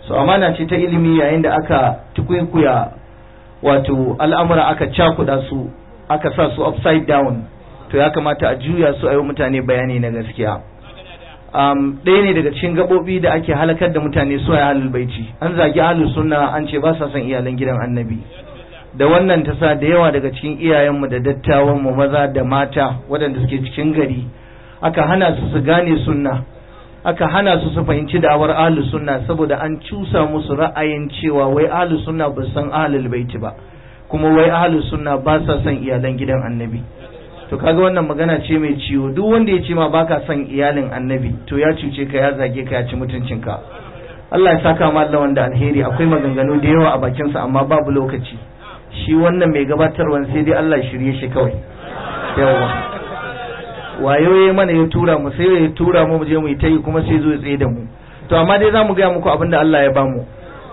so amana ce ta ilimi yayin da aka tukuikuya wato al'amura aka cakuda su aka sa su upside down to ya kamata a juya su a yi mutane bayani na gaskiya um, ɗaya ne daga cikin gaɓoɓi da ake halakar da mutane su a halul baiti an zagi halul sunna an ce ba sa son iyalan gidan annabi da wannan ta sa da yawa daga cikin iyayenmu da dattawan mu maza da mata waɗanda suke cikin gari aka hana su su gane sunna aka hana su su fahimci da'awar ahli sunna saboda an cusa musu ra'ayin cewa wai ahli sunna ba san ahlul baiti ba kuma wai ahli sunna ba sa son iyalan gidan annabi to kaga wannan magana ce mai ciwo duk wanda ya ce ma baka san iyalin annabi to ya cuce ka ya zage ka ya ci mutuncin ka Allah ya saka ma Allah wanda alheri akwai maganganu da yawa a bakin sa amma babu lokaci shi wannan mai gabatarwa sai dai Allah shirye shi kawai yawa wayo ya mana ya tura mu sai ya tura mu mu je mu yi kuma sai zo ya tsaye da mu to amma dai zamu ga muku abin da Allah ya bamu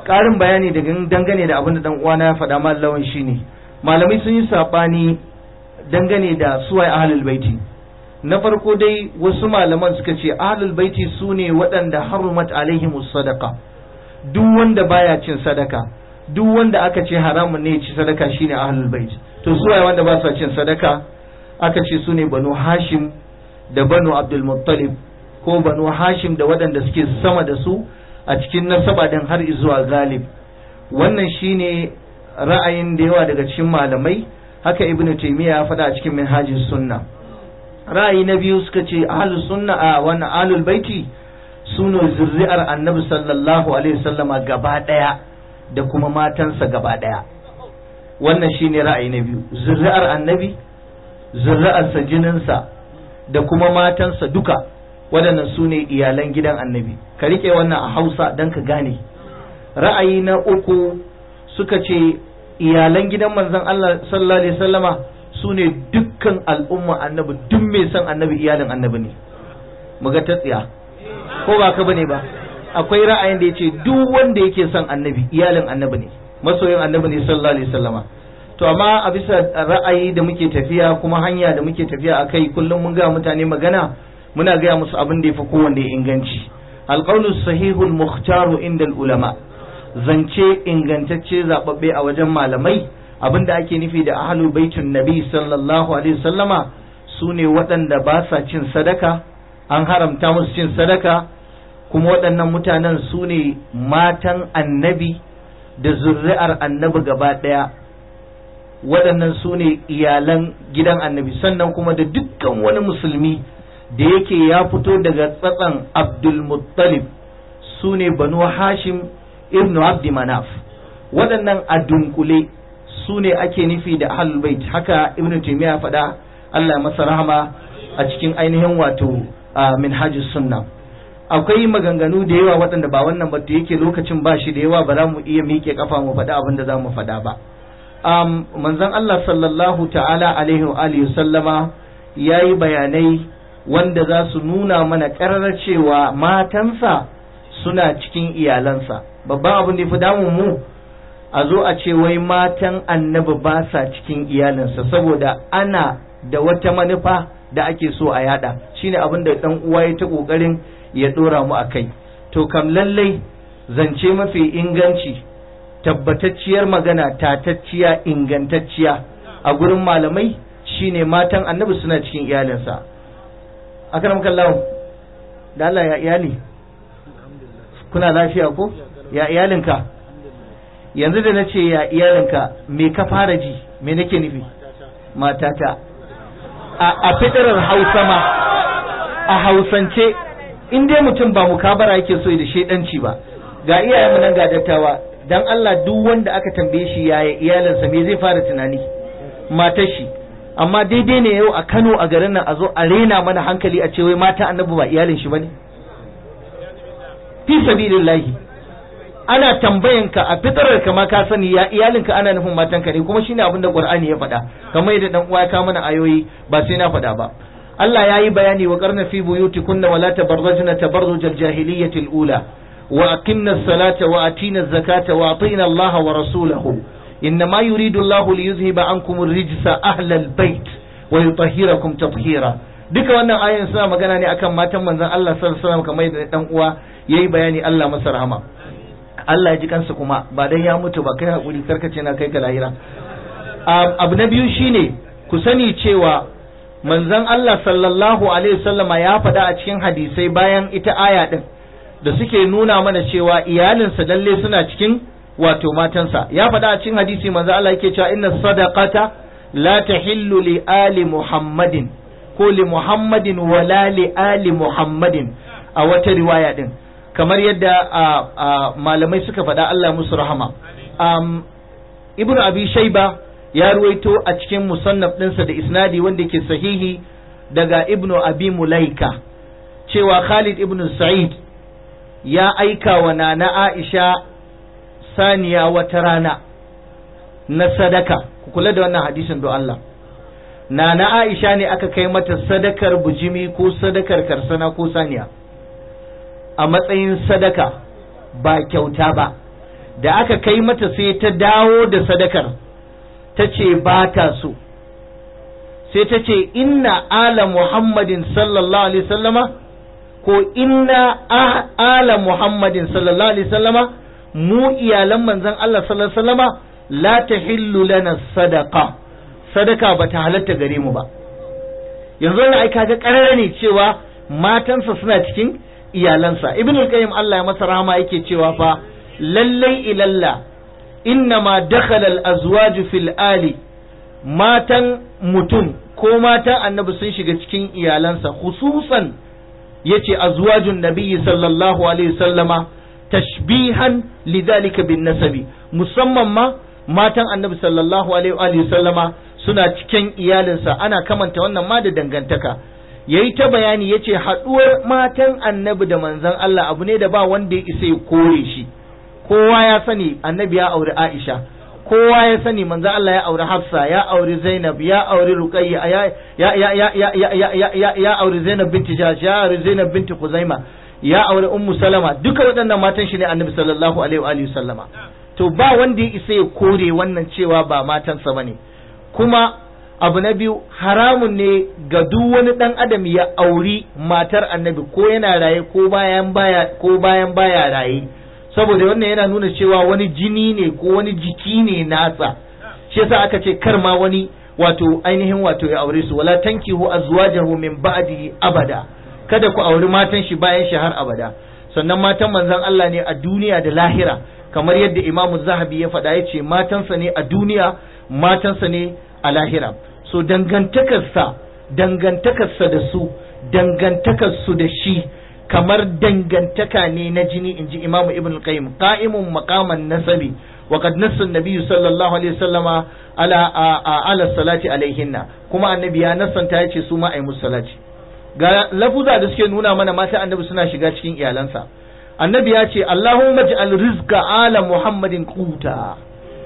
karin bayani daga dangane da abin da dan uwana ya faɗa ma lawan shine malamai sun yi sabani dangane da suwai ahlul baiti na farko dai wasu malaman suka ce ahlul baiti sune waɗanda harumat alaihim sadaqa duk wanda baya cin sadaka duk wanda aka ce haramun ne ya ci sadaka shine ahlul baiti to suwaye wanda ba su cin sadaka aka ce su ne banu hashim da banu Abdul abdulmuttalib ko banu hashim da waɗanda suke sama da su a cikin nasaba din har zuwa galib wannan shine ra'ayin da yawa daga cikin malamai haka Ibn taymiya ya faɗa a cikin minhajin sunna ra'ayi na biyu suka ce ahlus sunna a wannan ahlul baiti suno zurri'ar annabi sallallahu alaihi wasallama gaba daya da kuma matansa gaba daya wannan shine ra'ayi na biyu zurri'ar annabi zurra'arsa jininsa da kuma matansa duka waɗannan su ne iyalan gidan annabi ka riƙe wannan a hausa don ka gane ra'ayi na uku suka ce iyalan gidan manzon Allah sallallahu alaihi wasallama su ne dukkan al'umma annabi duk mai son annabi iyalin annabi ne muga ta tsiya ko ba ka bane ba akwai ra'ayin da ya ce duk wanda yake son annabi iyalin annabi ne masoyin annabi ne sallallahu alaihi wasallama to amma a bisa ra'ayi da muke tafiya kuma hanya da muke tafiya a kai kullum mun ga mutane magana muna gaya musu abin da ya fi kowanne inganci alƙaunus sahihul muhtaru inda ulama zance ingantacce zaɓaɓɓe a wajen malamai abin da ake nufi da ahalu baitun nabi sallallahu alaihi wasallama su ne waɗanda ba sa cin sadaka an haramta musu cin sadaka kuma waɗannan mutanen su ne matan annabi da zuri'ar annabi gaba ɗaya waɗannan su ne iyalan gidan annabi sannan kuma da dukkan wani musulmi da yake ya fito daga tsatsan abdulmuttalib su ne banu hashim ibnu abdi manaf waɗannan a dunkule su ne ake nufi da ahlul haka Ibn taymiya faɗa Allah masa rahama a cikin ainihin wato minhajus sunna akwai maganganu da yawa waɗanda ba wannan batu yake lokacin ba shi da yawa ba za mu iya miƙe kafa mu faɗa abin da za mu faɗa ba Um, manzan Allah sallallahu ta'ala alaihi wa alihi sallama yayi bayanai wanda za su nuna mana ƙarar cewa matansa suna cikin iyalansa babban abin da ya fi damun mu a zo a ce wai matan annabi ba sa cikin iyalinsa saboda ana da wata manufa da ake so a yada shine abin da dan uwa ya ta kokarin ya dora mu a kai. to kam lallai zance mafi inganci tabbatacciyar magana tatacciya ingantacciya a gurin malamai shine matan annabi suna cikin iyalinsa akan makallawo da Allah ya iyali kuna lafiya ko ya iyalinka yanzu da na ce ya iyalinka me ka fara ji me nake nufi matata a fitarar hausa ma a hausance in dai mutum ba mukabara yake so da shaidanci ba ga iyayen nan ga dattawa dan Allah duk wanda aka tambaye shi yaya iyalinsa me zai fara tunani matar shi amma daidai ne yau a Kano a garin nan a zo a rena mana hankali a ce wai mata annabi ba iyalin shi bane fi sabilillahi ana tambayan ka a fitarar ka ma ka sani ya iyalin ka ana nufin matan ka ne kuma shine abin da Qur'ani ya faɗa kamar yadda dan uwa ya kawo mana ayoyi ba sai na faɗa ba Allah ya yi bayani wa karna fi buyutikunna wala tabarrajna tabarrujal jahiliyatil ula salata wa zakata وأقمنا الصلاة وأتينا الزكاة وأطينا الله ورسوله إنما يريد الله ليذهب عنكم الرجس أهل البيت ويطهركم تطهيرا duka wannan ayan suna magana ne akan matan manzon Allah sallallahu alaihi wasallam kamar yadda dan uwa yayi bayani Allah masa rahama Allah ya ji kansa kuma ba dan ya mutu ba kai hakuri karkace na kai ga lahira abu na biyu shine ku sani cewa manzon Allah sallallahu alaihi wasallama ya faɗa a cikin hadisai bayan ita aya din da suke nuna mana cewa iyalinsa lalle suna cikin wato matansa ya faɗa a cikin hadisi manzo Allah yake cewa inna sadaqata la tahillu li ali muhammadin ko li muhammadin wala li ali muhammadin a wata riwaya din kamar yadda malamai suka faɗa Allah musu rahama ibn abi shaiba ya ruwaito a cikin musannaf dinsa da isnadi wanda ke sahihi daga ibnu abi mulaika cewa khalid ibn sa'id ya aika wa nana Aisha saniya wata rana na sadaka ku kula da wannan hadisin do Allah nana Aisha ne aka kai mata sadakar bujimi ko sadakar karsana ko saniya a matsayin sadaka ba kyauta ba da aka kai mata sai ta dawo da sadakar ta ce ba ta so sai ta ce inna ala muhammadin sallallahu alaihi sallama ko inna ala muhammadin sallallahu alaihi sallama mu iyalan manzon Allah sallallahu alaihi sallama la tahillu lana sadaqa sadaka ba ta halatta gare mu ba yanzu ai kaga karara ne cewa matansa suna cikin iyalansa ibn al-qayyim Allah ya masa rahama yake cewa fa lallai ilalla innama dakhala al-azwaj fil ali matan mutum ko matan annabi sun shiga cikin iyalansa khususan yace azwajun nabiyyi sallallahu alaihi sallama tashbihan lidhalika bin nasabi musamman ma matan annabi sallallahu alaihi sallama suna cikin iyalinsa ana kamanta wannan ma da dangantaka yayi ta bayani yace haduwar matan annabi da manzon Allah abu ne da ba wanda ya isa ya kore shi kowa ya sani annabi ya auri Aisha kowa ya sani manzo Allah ya auri Hafsa ya auri Zainab ya auri Ruqayya ya ya ya ya ya ya ya auri Zainab binti Jahsh ya auri Zainab binti Khuzaima ya auri Ummu Salama duka waɗannan matan shi ne Annabi sallallahu alaihi wa alihi sallama to ba wanda ya isa ya kore wannan cewa ba matansa bane kuma abu na biyu haramun ne ga duk wani ɗan adam ya auri matar annabi ko yana raye ko bayan baya ko bayan baya raye saboda wannan yana nuna cewa wani jini ne ko wani jiki ne nasa shi yasa aka ce kar ma wani wato ainihin wato ya aure su wala tankihu azwajahu min ba'di abada kada ku auri matan shi bayan shi har abada sannan matan manzon Allah ne a duniya da lahira kamar yadda Imam Zahabi ya faɗa ya ce matansa ne a duniya matansa ne a lahira so dangantakarsa dangantakarsa da su dangantakarsu da shi kamar dangantaka ne na jini inji Imam Ibn al-Qayyim qa'imun maqaman nasabi wa qad nassa an-nabiy sallallahu alaihi wasallama ala ala salati alaihinna kuma annabi ya nassanta yace su ma ayi ga lafuza da suke nuna mana mata annabi suna shiga cikin iyalansa annabi ya ce Allahumma ij'al rizqa ala Muhammadin quta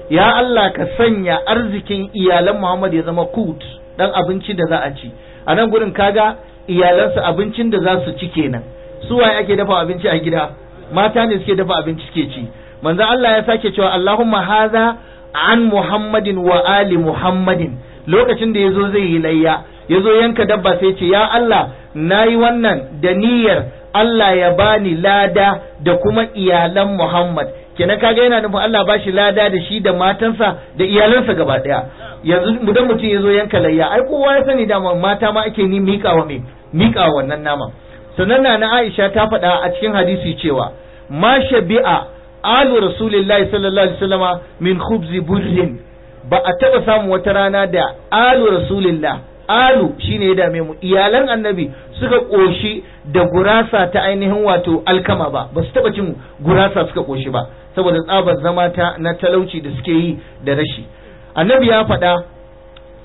ya Allah ka sanya arzikin iyalan Muhammad ya zama qut dan abinci da za a ci a nan gurin kaga iyalansa abincin da za su ci kenan su waye ake dafa abinci a gida mata ne suke dafa abinci suke ci manzo Allah ya sake cewa Allahumma hadha an Muhammadin wa ali Muhammadin lokacin da yazo zai yi layya yazo yanka dabba sai ce ya Allah nayi wannan da niyyar Allah ya bani lada da kuma iyalan Muhammad kenan kaga yana nufin Allah ba shi lada da shi da matansa da iyalansa gaba daya yanzu mudan mutum ya zo yanka layya ai kowa ya sani da mata ma ake ni mika wa mai mika wannan nama sannan na Aisha ta faɗa a cikin hadisi cewa ma shabi'a alu rasulillahi sallallahu alaihi wasallama min khubzi burrin ba a taɓa samun wata rana da alu rasulillah alu shine ya dame mu iyalan annabi suka ƙoshi da gurasa ta ainihin wato alkama ba ba su taɓa cin gurasa suka ƙoshi ba saboda tsabar zama ta na talauci da suke yi da rashi annabi ya faɗa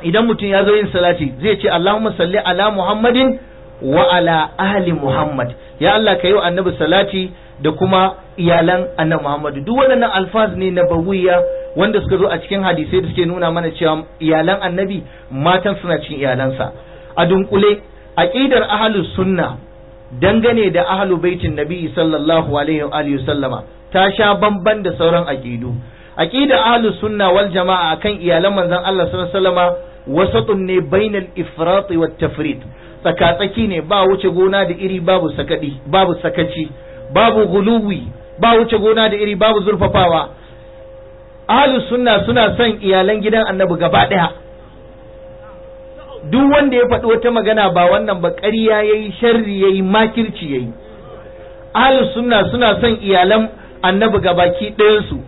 idan mutum ya zo yin salati zai ce allahumma salli ala muhammadin wa ala ahli Muhammad ya Allah ka yi wa annabi salati da kuma iyalan annabi Muhammad duk waɗannan alfaz ne na bawiya wanda suka zo a cikin hadisai da suke nuna mana cewa iyalan annabi matan suna cikin iyalansa a dunkule aqidar ahlus sunna dangane da ahlu baitin nabi sallallahu alaihi wa alihi sallama ta sha bamban da sauran aqidu aqida ahlus sunna wal jama'a akan iyalan manzon Allah sallallahu alaihi wasallama wasatun ne bainal ifrat wat tafrit tsakatsaki ne ba wuce gona da iri babu sakadi babu sakaci babu guluwi ba wuce gona da iri babu zurfafawa ahlus sunna suna son iyalan gidan annabi gaba daya duk wanda ya faɗi wata magana ba wannan ba ƙarya yayi sharri yayi makirci yayi ahlus sunna suna son iyalan annabi gabaki ɗayan su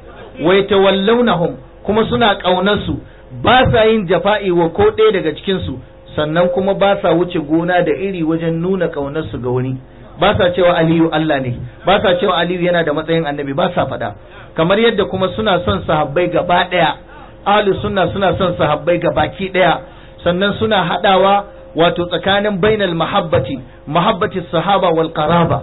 ta yatawallawnahum kuma suna ƙaunar su ba sa yin jafa'i wa ko ɗaya daga cikinsu. sannan kuma ba sa wuce gona da iri wajen nuna ƙaunarsu ga wani ba sa cewa aliyu Allah ne ba sa cewa aliyu yana da matsayin annabi ba sa faɗa kamar yadda kuma suna son sahabbai gaba ɗaya ahlu sunna suna son sahabbai baki ɗaya sannan suna haɗawa wato tsakanin bainal mahabbati mahabbati sahaba wal qaraba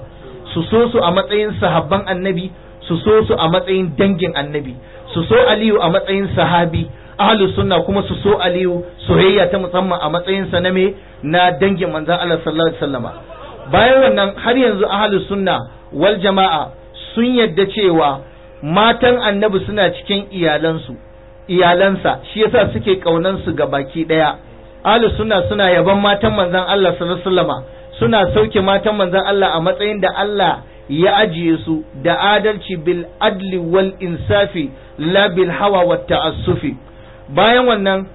su so su a matsayin sahabban annabi su so su a matsayin dangin annabi su so aliyu a matsayin sahabi ahlu sunna kuma su so aliyu soyayya ta musamman a matsayinsa na me na dangin manzon Allah sallallahu alaihi wasallama bayan wannan har yanzu ahlu sunna wal jama'a sun yadda cewa matan annabi suna cikin iyalansu iyalansa shi yasa suke ƙaunansu ga baki daya ahlu sunna suna yaban matan manzon Allah sallallahu alaihi wasallama suna sauke matan manzan Allah a matsayin da Allah ya ajiye su da adalci bil adli wal insafi la bil hawa wat ta'assufi bayan wannan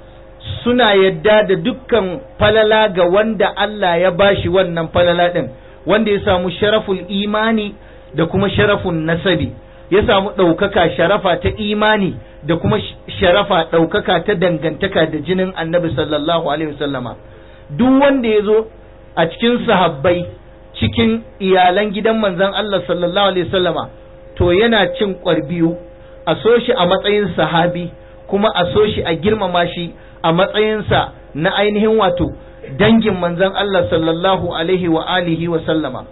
suna yadda da dukkan falala ga wanda Allah ya bashi wannan falala ɗin wanda ya samu sharaful imani da kuma sharafun nasabi ya samu ɗaukaka sharafa ta imani da kuma sharafa ɗaukaka ta dangantaka da jinin annabi sallallahu alaihi wasallama duk wanda ya zo a cikin sahabbai cikin iyalan gidan manzan Allah sallallahu alaihi wasallama to yana cin ƙwarbiyu a so shi a matsayin sahabi kuma a so shi a girmama shi a matsayinsa na ainihin wato dangin manzon Allah sallallahu alaihi wa alihi wa sallama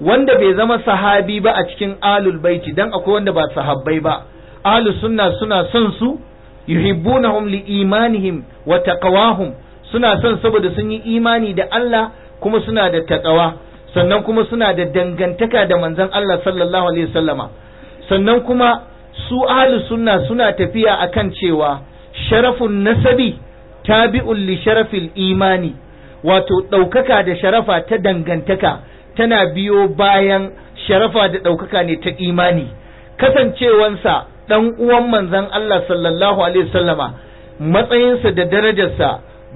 wanda bai zama sahabi ba a cikin alul baiti dan akwai wanda ba sahabbai ba ahlus sunna suna son su yuhibbunahum li imanihim wa taqawahum suna son saboda sun yi imani da Allah kuma suna da taqawa sannan kuma suna da dangantaka da manzon Allah sallallahu alaihi wa sallama sannan kuma su ahlus sunna suna tafiya akan cewa sharafun nasabi tabi'un li sharafil imani wato ɗaukaka da sharafa ta dangantaka tana biyo bayan sharafa da ɗaukaka ne ta imani kasancewansa ɗan uwan manzan Allah sallallahu alaihi wasallama matsayinsa da darajarsa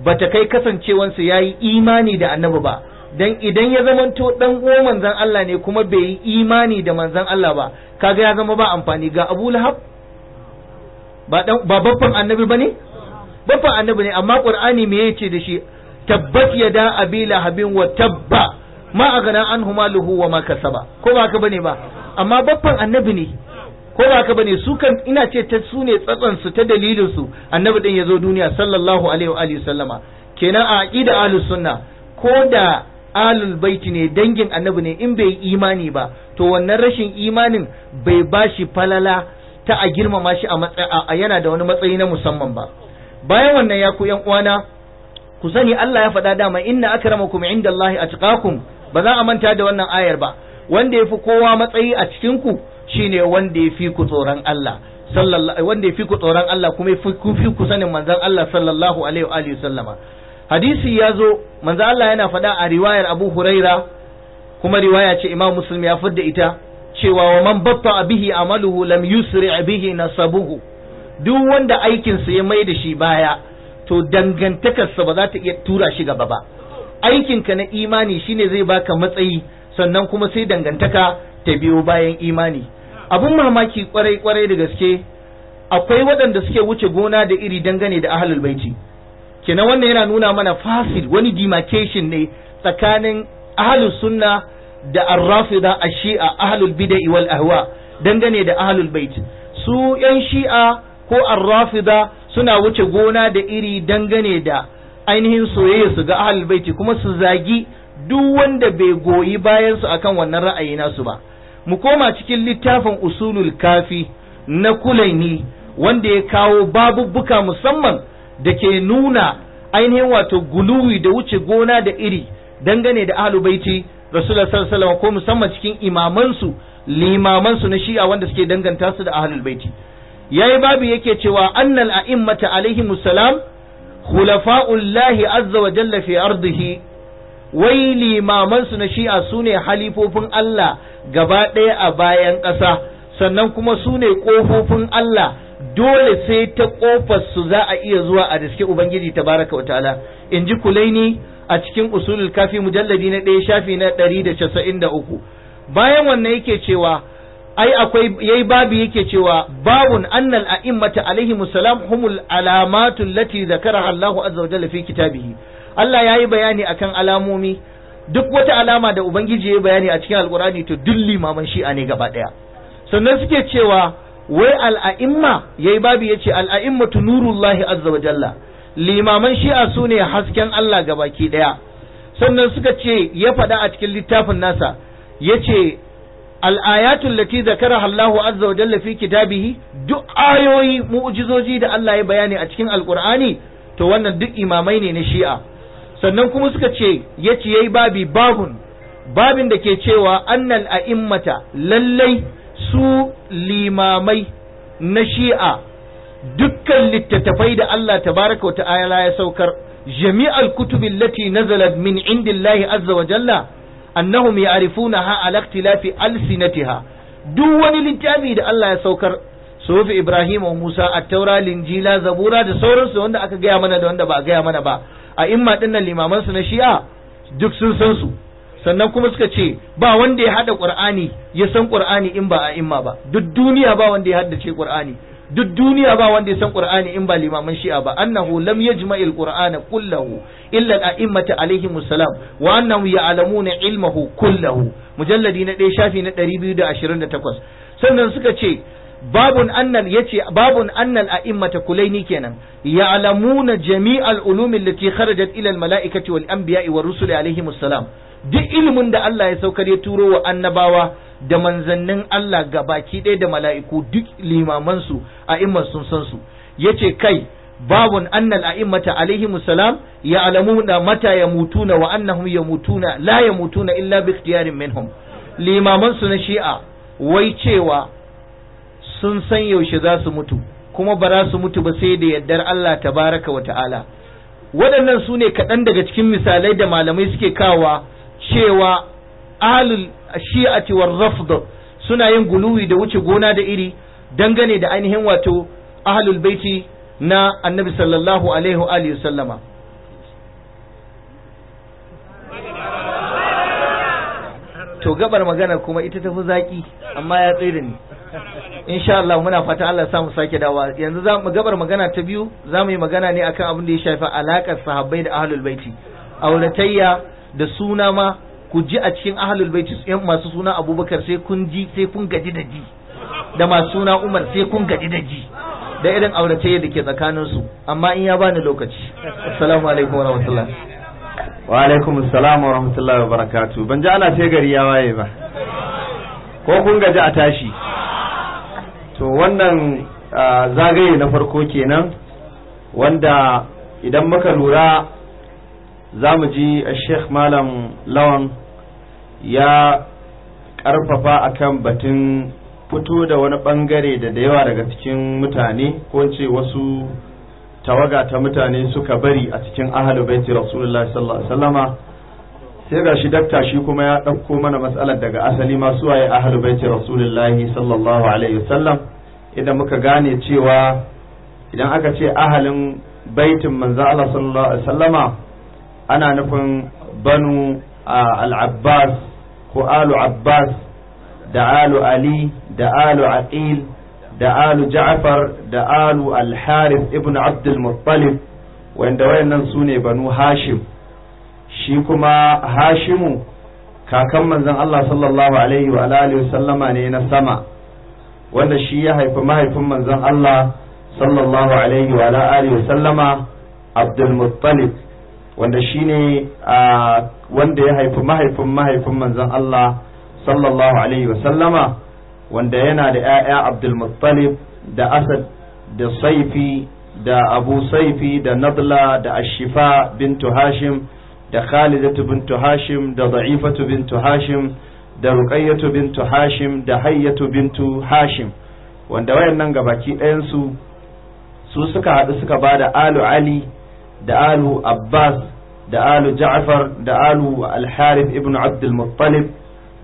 bata kai kasancewansa yayi imani da annabi ba dan idan ya zamanto dan uwan manzon Allah ne kuma bai yi imani da manzon Allah ba kaga ya zama ba amfani ga Abu Lahab ba dan ba baffan annabi bane babban annabi ne amma Qur'ani me yace da shi tabbat yada abi lahabin wa tabba ma agana anhu maluhu wa ma kasaba ko ba ka bane ba amma baffan annabi ne ko ba ka bane su kan ina ce ta su ne tsatsan su ta dalilin su annabi din yazo duniya sallallahu alaihi wa alihi sallama kenan a aqida ahlus sunna ko da alul baiti ne dangin annabi ne in bai imani ba to wannan rashin imanin bai bashi falala ta a girmama shi a yana da wani matsayi na musamman ba bayan wannan ya ku yan uwana ku sani Allah ya faɗa dama inna akramakum indallahi atqakum ba za a manta da wannan ayar ba wanda ya fi kowa matsayi a cikin ku shine wanda ya fi ku tsoron Allah sallallahu wanda ya fi ku tsoron Allah kuma ya fi ku sanin manzon Allah sallallahu alaihi wa sallama hadisi ya zo manzo Allah yana faɗa a riwayar Abu Huraira kuma riwaya ce Imam Muslim ya fadda ita cewa wa man batta bihi amaluhu lam yusri bihi nasabuhu duk wanda aikinsa ya mai da shi baya to dangantakarsa ba za ta iya tura shi gaba ba aikin ka na imani shine zai baka matsayi sannan kuma sai dangantaka ta biyo bayan imani abun mamaki kwarai kwarai da gaske akwai waɗanda suke wuce gona da iri dangane da ahlul baiti kenan wannan yana nuna mana fasil wani demarcation ne tsakanin ahlus sunna da ar-rafida ash-shi'a ahlul bid'ah wal ahwa dangane da ahlul bait su yan shi'a ko ar-rafida suna wuce gona da iri dangane da ainihin soyayya su ga ahlul bait kuma su zagi duk wanda bai goyi bayan su akan wannan ra'ayi nasu ba mu koma cikin littafin usulul kafi na kulaini wanda ya kawo babubbuka musamman da ke nuna ainihin wato guluwi da wuce gona da iri dangane da ahlul baiti rasulullah sallallahu alaihi wasallam ko musamman cikin imamansu limamansu na shi'a wanda suke danganta su da ahlul baiti yayi babu yake cewa annal a'immata alaihi musallam khulafa'ullahi azza wa jalla fi ardihi wai limamansu na shi'a sune halifofin Allah gaba ɗaya a bayan ƙasa sannan kuma sune ƙofofin Allah dole sai ta kofar su za a iya zuwa a riske ubangiji tabaraka wa ta'ala in ji kulaini a cikin usulul kafi mujalladi na ɗaya shafi na ɗari da casa'in da uku bayan wannan yake cewa ai akwai yayi babu yake cewa babun annal a'immata alaihi musallam humul alamatu allati zakara Allahu azza wa jalla fi kitabihi Allah yayi bayani akan alamomi duk wata alama da ubangiji ya yi bayani a cikin alqur'ani to dulli maman shi'a ne gaba ɗaya. sannan suke cewa wai al'a'imma ya yayi babi yace al'a'immatu nurullahi azza wa jalla limaman shi'a su ne hasken Allah ga baki ɗaya sannan suka ce ya faɗa a cikin littafin nasa ya ce al'ayatun lati zakara Allahu azza wa jalla fi kitabihi duk ayoyi mu'ujizoji da Allah ya bayani a cikin alkur'ani to wannan duk imamai ne na shi'a sannan kuma suka ce ya ce ya yi babi babun babin da ke cewa annal a'immata lallai su limamai na shi'a dukkan littattafai da Allah tabaraka wa ta'ala ya saukar jami'al kutubin lati nazalat min indillahi azza wa jalla annahum ha ala ikhtilafi alsinatiha duk wani littafi da Allah ya saukar sufi Ibrahim wa Musa at-Taura linjila zabura da sauransu wanda aka gaya mana da wanda ba a gaya mana ba a imma dinnan limaman su na shi'a duk sun san su sannan kuma suka ce ba wanda ya hada ƙur'ani ya san ƙur'ani in ba a imma ba duk duniya ba wanda ya haddace ƙur'ani duk duniya ba wanda ya san ƙur'ani in ba limaman shi'a ba annahu lam yajma'il qur'ana kullahu illa al-a'immatu alaihim assalam wa annahu ya'lamuna ilmahu kullahu mujalladi na ɗaya shafi na 228 sannan suka ce babun annal yace babun annal a'immata kulaini kenan ya'lamuna jami'al ulumi allati kharajat ila al-mala'ikati wal anbiya'i war rusuli alaihim assalam duk ilimin da Allah ya saukar ya turo wa annabawa da manzannin Allah ga baki ɗaya da mala'iku duk limamansu a imman sun san su yace kai babun annal a'immata alaihi salam ya alamuna mata ya mutuna wa annahum ya mutuna la ya mutuna illa bi ikhtiyarin minhum limamansu na shi'a wai cewa sun san yaushe za su mutu kuma ba za su mutu ba sai da yardar Allah tabaraka wa ta'ala waɗannan su ne kaɗan daga cikin misalai da malamai suke kawa cewa ahlul shi'ati war rafd suna yin guluwi da wuce gona da iri dangane da ainihin wato ahlul baiti na annabi sallallahu alaihi wa alihi sallama to gabar magana kuma ita tafi zaki amma ya tsere ni insha Allah muna fata Allah ya samu sake dawa yanzu za mu gabar magana ta biyu za mu yi magana ne akan abin da ya shafi alakar sahabbai da ahlul baiti auratayya da suna ma ku ji a cikin ahlul baiti yan masu suna abubakar sai kun ji sai kun gaji da ji da masu suna umar sai kun gaji da ji da irin aurace da ke tsakanin su amma in ya bani lokaci assalamu alaikum wa wa alaikum assalam wa rahmatullahi wa barakatuh ban ji ana sai gari ya waye ba ko kun gaji a tashi to wannan ah, zagaye na farko kenan wanda idan muka lura za mu ji a eh, sheikh malam lawan ya karfafa akan batun fito da wani bangare da da yawa daga cikin mutane ko ce wasu tawaga ta mutane suka bari a cikin ahalu baiti rasulullah sallallahu alaihi wasallama sai ga shi dakta shi kuma ya ɗauko mana matsalar daga asali masu waye ahalu baiti rasulullahi sallallahu alaihi wasallam idan muka gane cewa idan aka ce ahalin baitin manzo Allah sallallahu alaihi wasallama ana nufin banu al-abbas ko alu abbas da alu ali da alu aqil da alu ja'far da alu al-harith ibn abd al-muttalib wanda wayannan sune banu hashim shi kuma hashimu kakan manzon Allah sallallahu alaihi wa alihi sallama ne na sama wanda shi ya haifi mahaifin manzon Allah sallallahu alaihi wa alihi sallama Abdul Muttalib wanda shi ne wanda ya haifi mahaifin mahaifin manzon Allah sallallahu alaihi wasallama wanda yana da 'ya'ya abdulmuttalib da Asad da Saifi da Abu Saifi da Nadla da Ashifa bintu Hashim da Khalidatu bintu Hashim da Zaifatu bintu Hashim da Ruqayyatu bintu Hashim da Hayyatu bintu Hashim wanda wayannan gabaki ɗayan su suka haɗu suka ba da Alu Ali da alu abbas da alu ja'far da alu al-harith ibn abd al-muttalib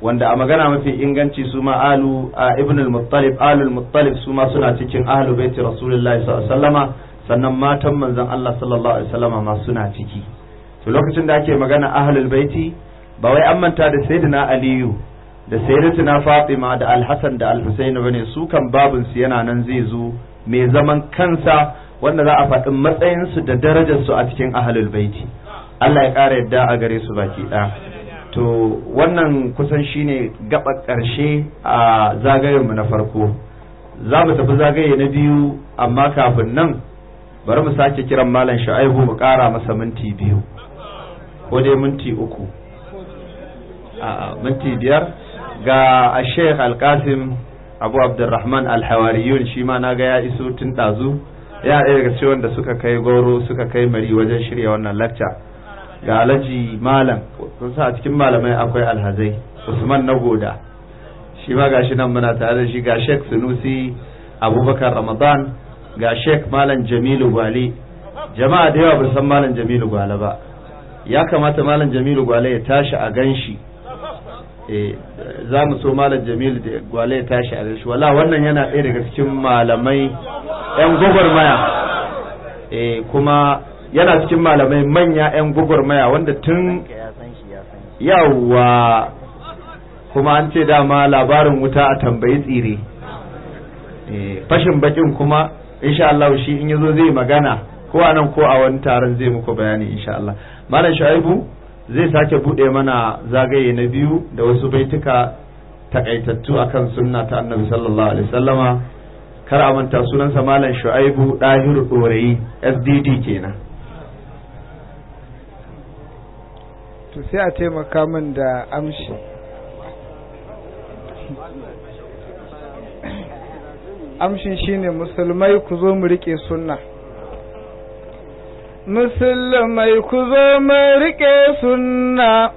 wanda a magana mafi inganci su ma alu ibn al-muttalib alu al-muttalib su ma suna cikin ahlu baiti rasulullahi sallallahu alaihi wasallama sannan matan manzon Allah sallallahu alaihi wasallama ma suna ciki to lokacin da ake magana ahlul baiti ba wai an manta da sayyidina aliyu da sayyidatina fatima da al-hasan da al-husayn bane su kan babun su yana nan zai zo mai zaman kansa wanda za a faɗi matsayinsu da darajarsu a cikin ahalul baiti Allah ya ƙara yadda a gare su baki ɗaya to wannan kusan shine gaba ƙarshe a zagayenmu na farko za mu tafi zagaye na biyu amma kafin nan bari mu sake kiran malam sha'aibu mu ƙara masa minti biyu ko dai minti uku a minti biyar ga a sheikh alkasim abu abdurrahman alhawariyun shi ma na ga ya iso tun ɗazu ya ɗaya daga cikin da suka kai goro suka kai mari wajen shirya wannan lacca ga alhaji malam kun sa a cikin malamai akwai alhazai usman na goda shi ma shi nan muna tare da shi ga sheikh sunusi abubakar ramadan ga sheikh malam jamilu gwale jama'a da yawa ba san malam jamilu gwale ba ya kamata malam jamilu gwale ya tashi a ganshi Eh, za mu so malam jamil da gwale ta shi a shi wala wannan yana ɗaya daga cikin malamai yan gwagwarmaya eh, kuma yana cikin malamai manya yan gwagwarmaya wanda tun yawwa kuma an ce dama labarin wuta a tambayi tsire eh, fashin bakin kuma insha Allah shi in yazo zai magana ko a nan ko a wani taron zai muku bayani insha Allah malam shaibu zai sake bude mana zagaye na biyu da wasu baituka takaitattu akan sunna ta annabi sallallahu alaihi sallama kar a manta sunansa malam shu'aibu ɗahiru ɗorayi sdd kenan to sai a taimaka min da amshi amshin shine musulmai ku zo mu rike sunna musulmai ku zo mu riƙe sunna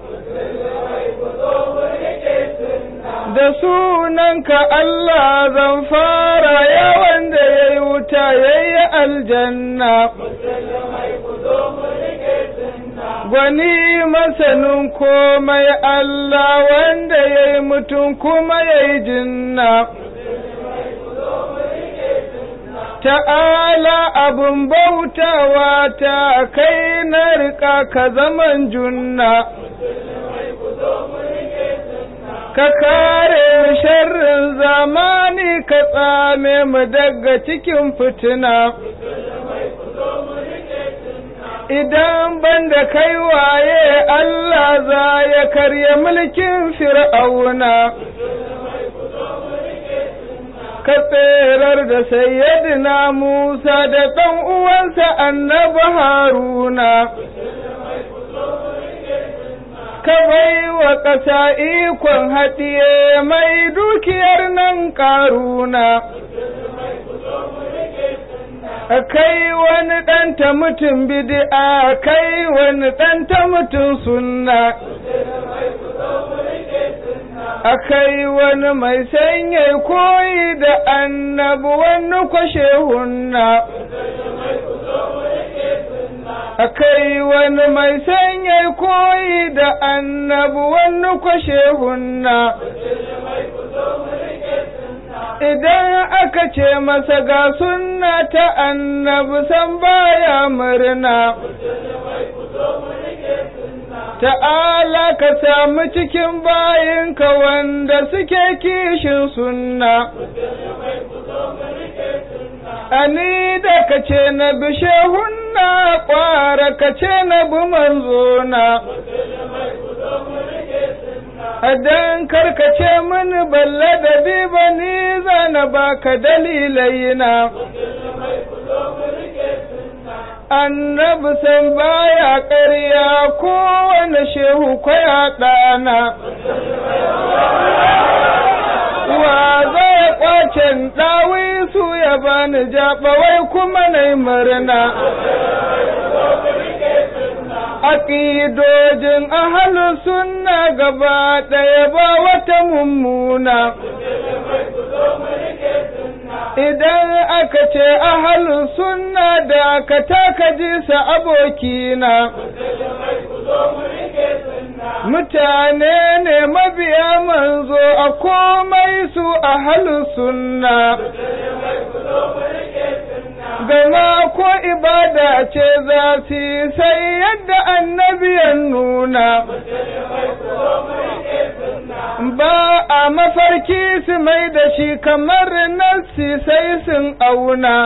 da sunanka Allah zan fara ya wanda ya yi wuta ya yi aljanna. Gwani masanin komai Allah wanda ya yi mutum kuma ya yi jinna. ta'ala abin bautawa ta kai na riƙa ka zaman junna. Ka kare sharrin zamani ka tsame mu daga cikin fitina. Idan ban da kai waye Allah za ya karya mulkin fir'auna. Ka tserar da sayyidina Musa da ɗan uwansa annabi Haruna. Ka bai wa ƙasa ikon haɗiye mai dukiyar nan ƙaruna. Kai wani ɗanta mutum bidi'a, kai wani ɗanta mutum sunna. akai wani mai sanya koyi da annabu wani kwashe hunna akai wani mai sanya koyi da annabu wani kwashe hunna idan aka ce masa ga sunna ta annabi san baya murna ta'ala ka samu cikin bayinka wanda suke kishin sunna ani da ka ce na bi shehunna ƙwara ka ce na bi manzona dan karkace min balle da biba ni zana baka dalilai na annabi san baya ƙarya kowane shehu kwaya ɗana wa zai kwacen ɗawisu ya bani jaɓa wai kuma na murna aƙidojin ahalin sunna gaba ɗaya ba wata mummuna. Idan aka ce ahalin sunna da aka taka jisa abokina. Mutane ne mabiya manzo a komai su ahalin sunna. gama ko ibada ce za su yi sai yadda annabi ya nuna ba a mafarki su mai da shi kamar nassi sai sun auna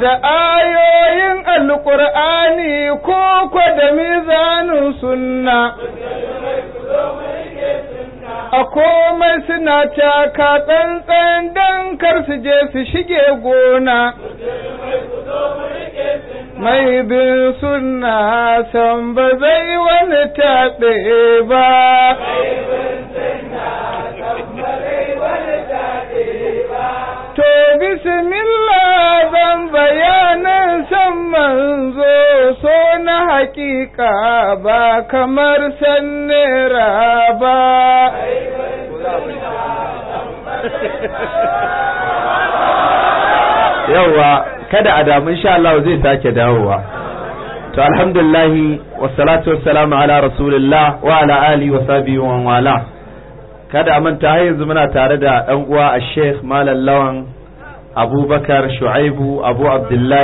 da ayoyin alƙur'ani ko kwa da mizanin sunna a komai suna caka tsantsan don kar su je su shige gona mai bin suna san ba zai wani taɓe ba to bismillah zan bayanin san manzo so na hakika ba kamar san ba kada a damun insha Allah zai sake dawowa to alhamdulillah wassalatu wassalamu ala rasulillah wa ala alihi wa sahbihi wa wala kada a manta har yanzu muna tare da ɗan uwa a sheikh malam lawan abubakar shu'aibu abu abdullahi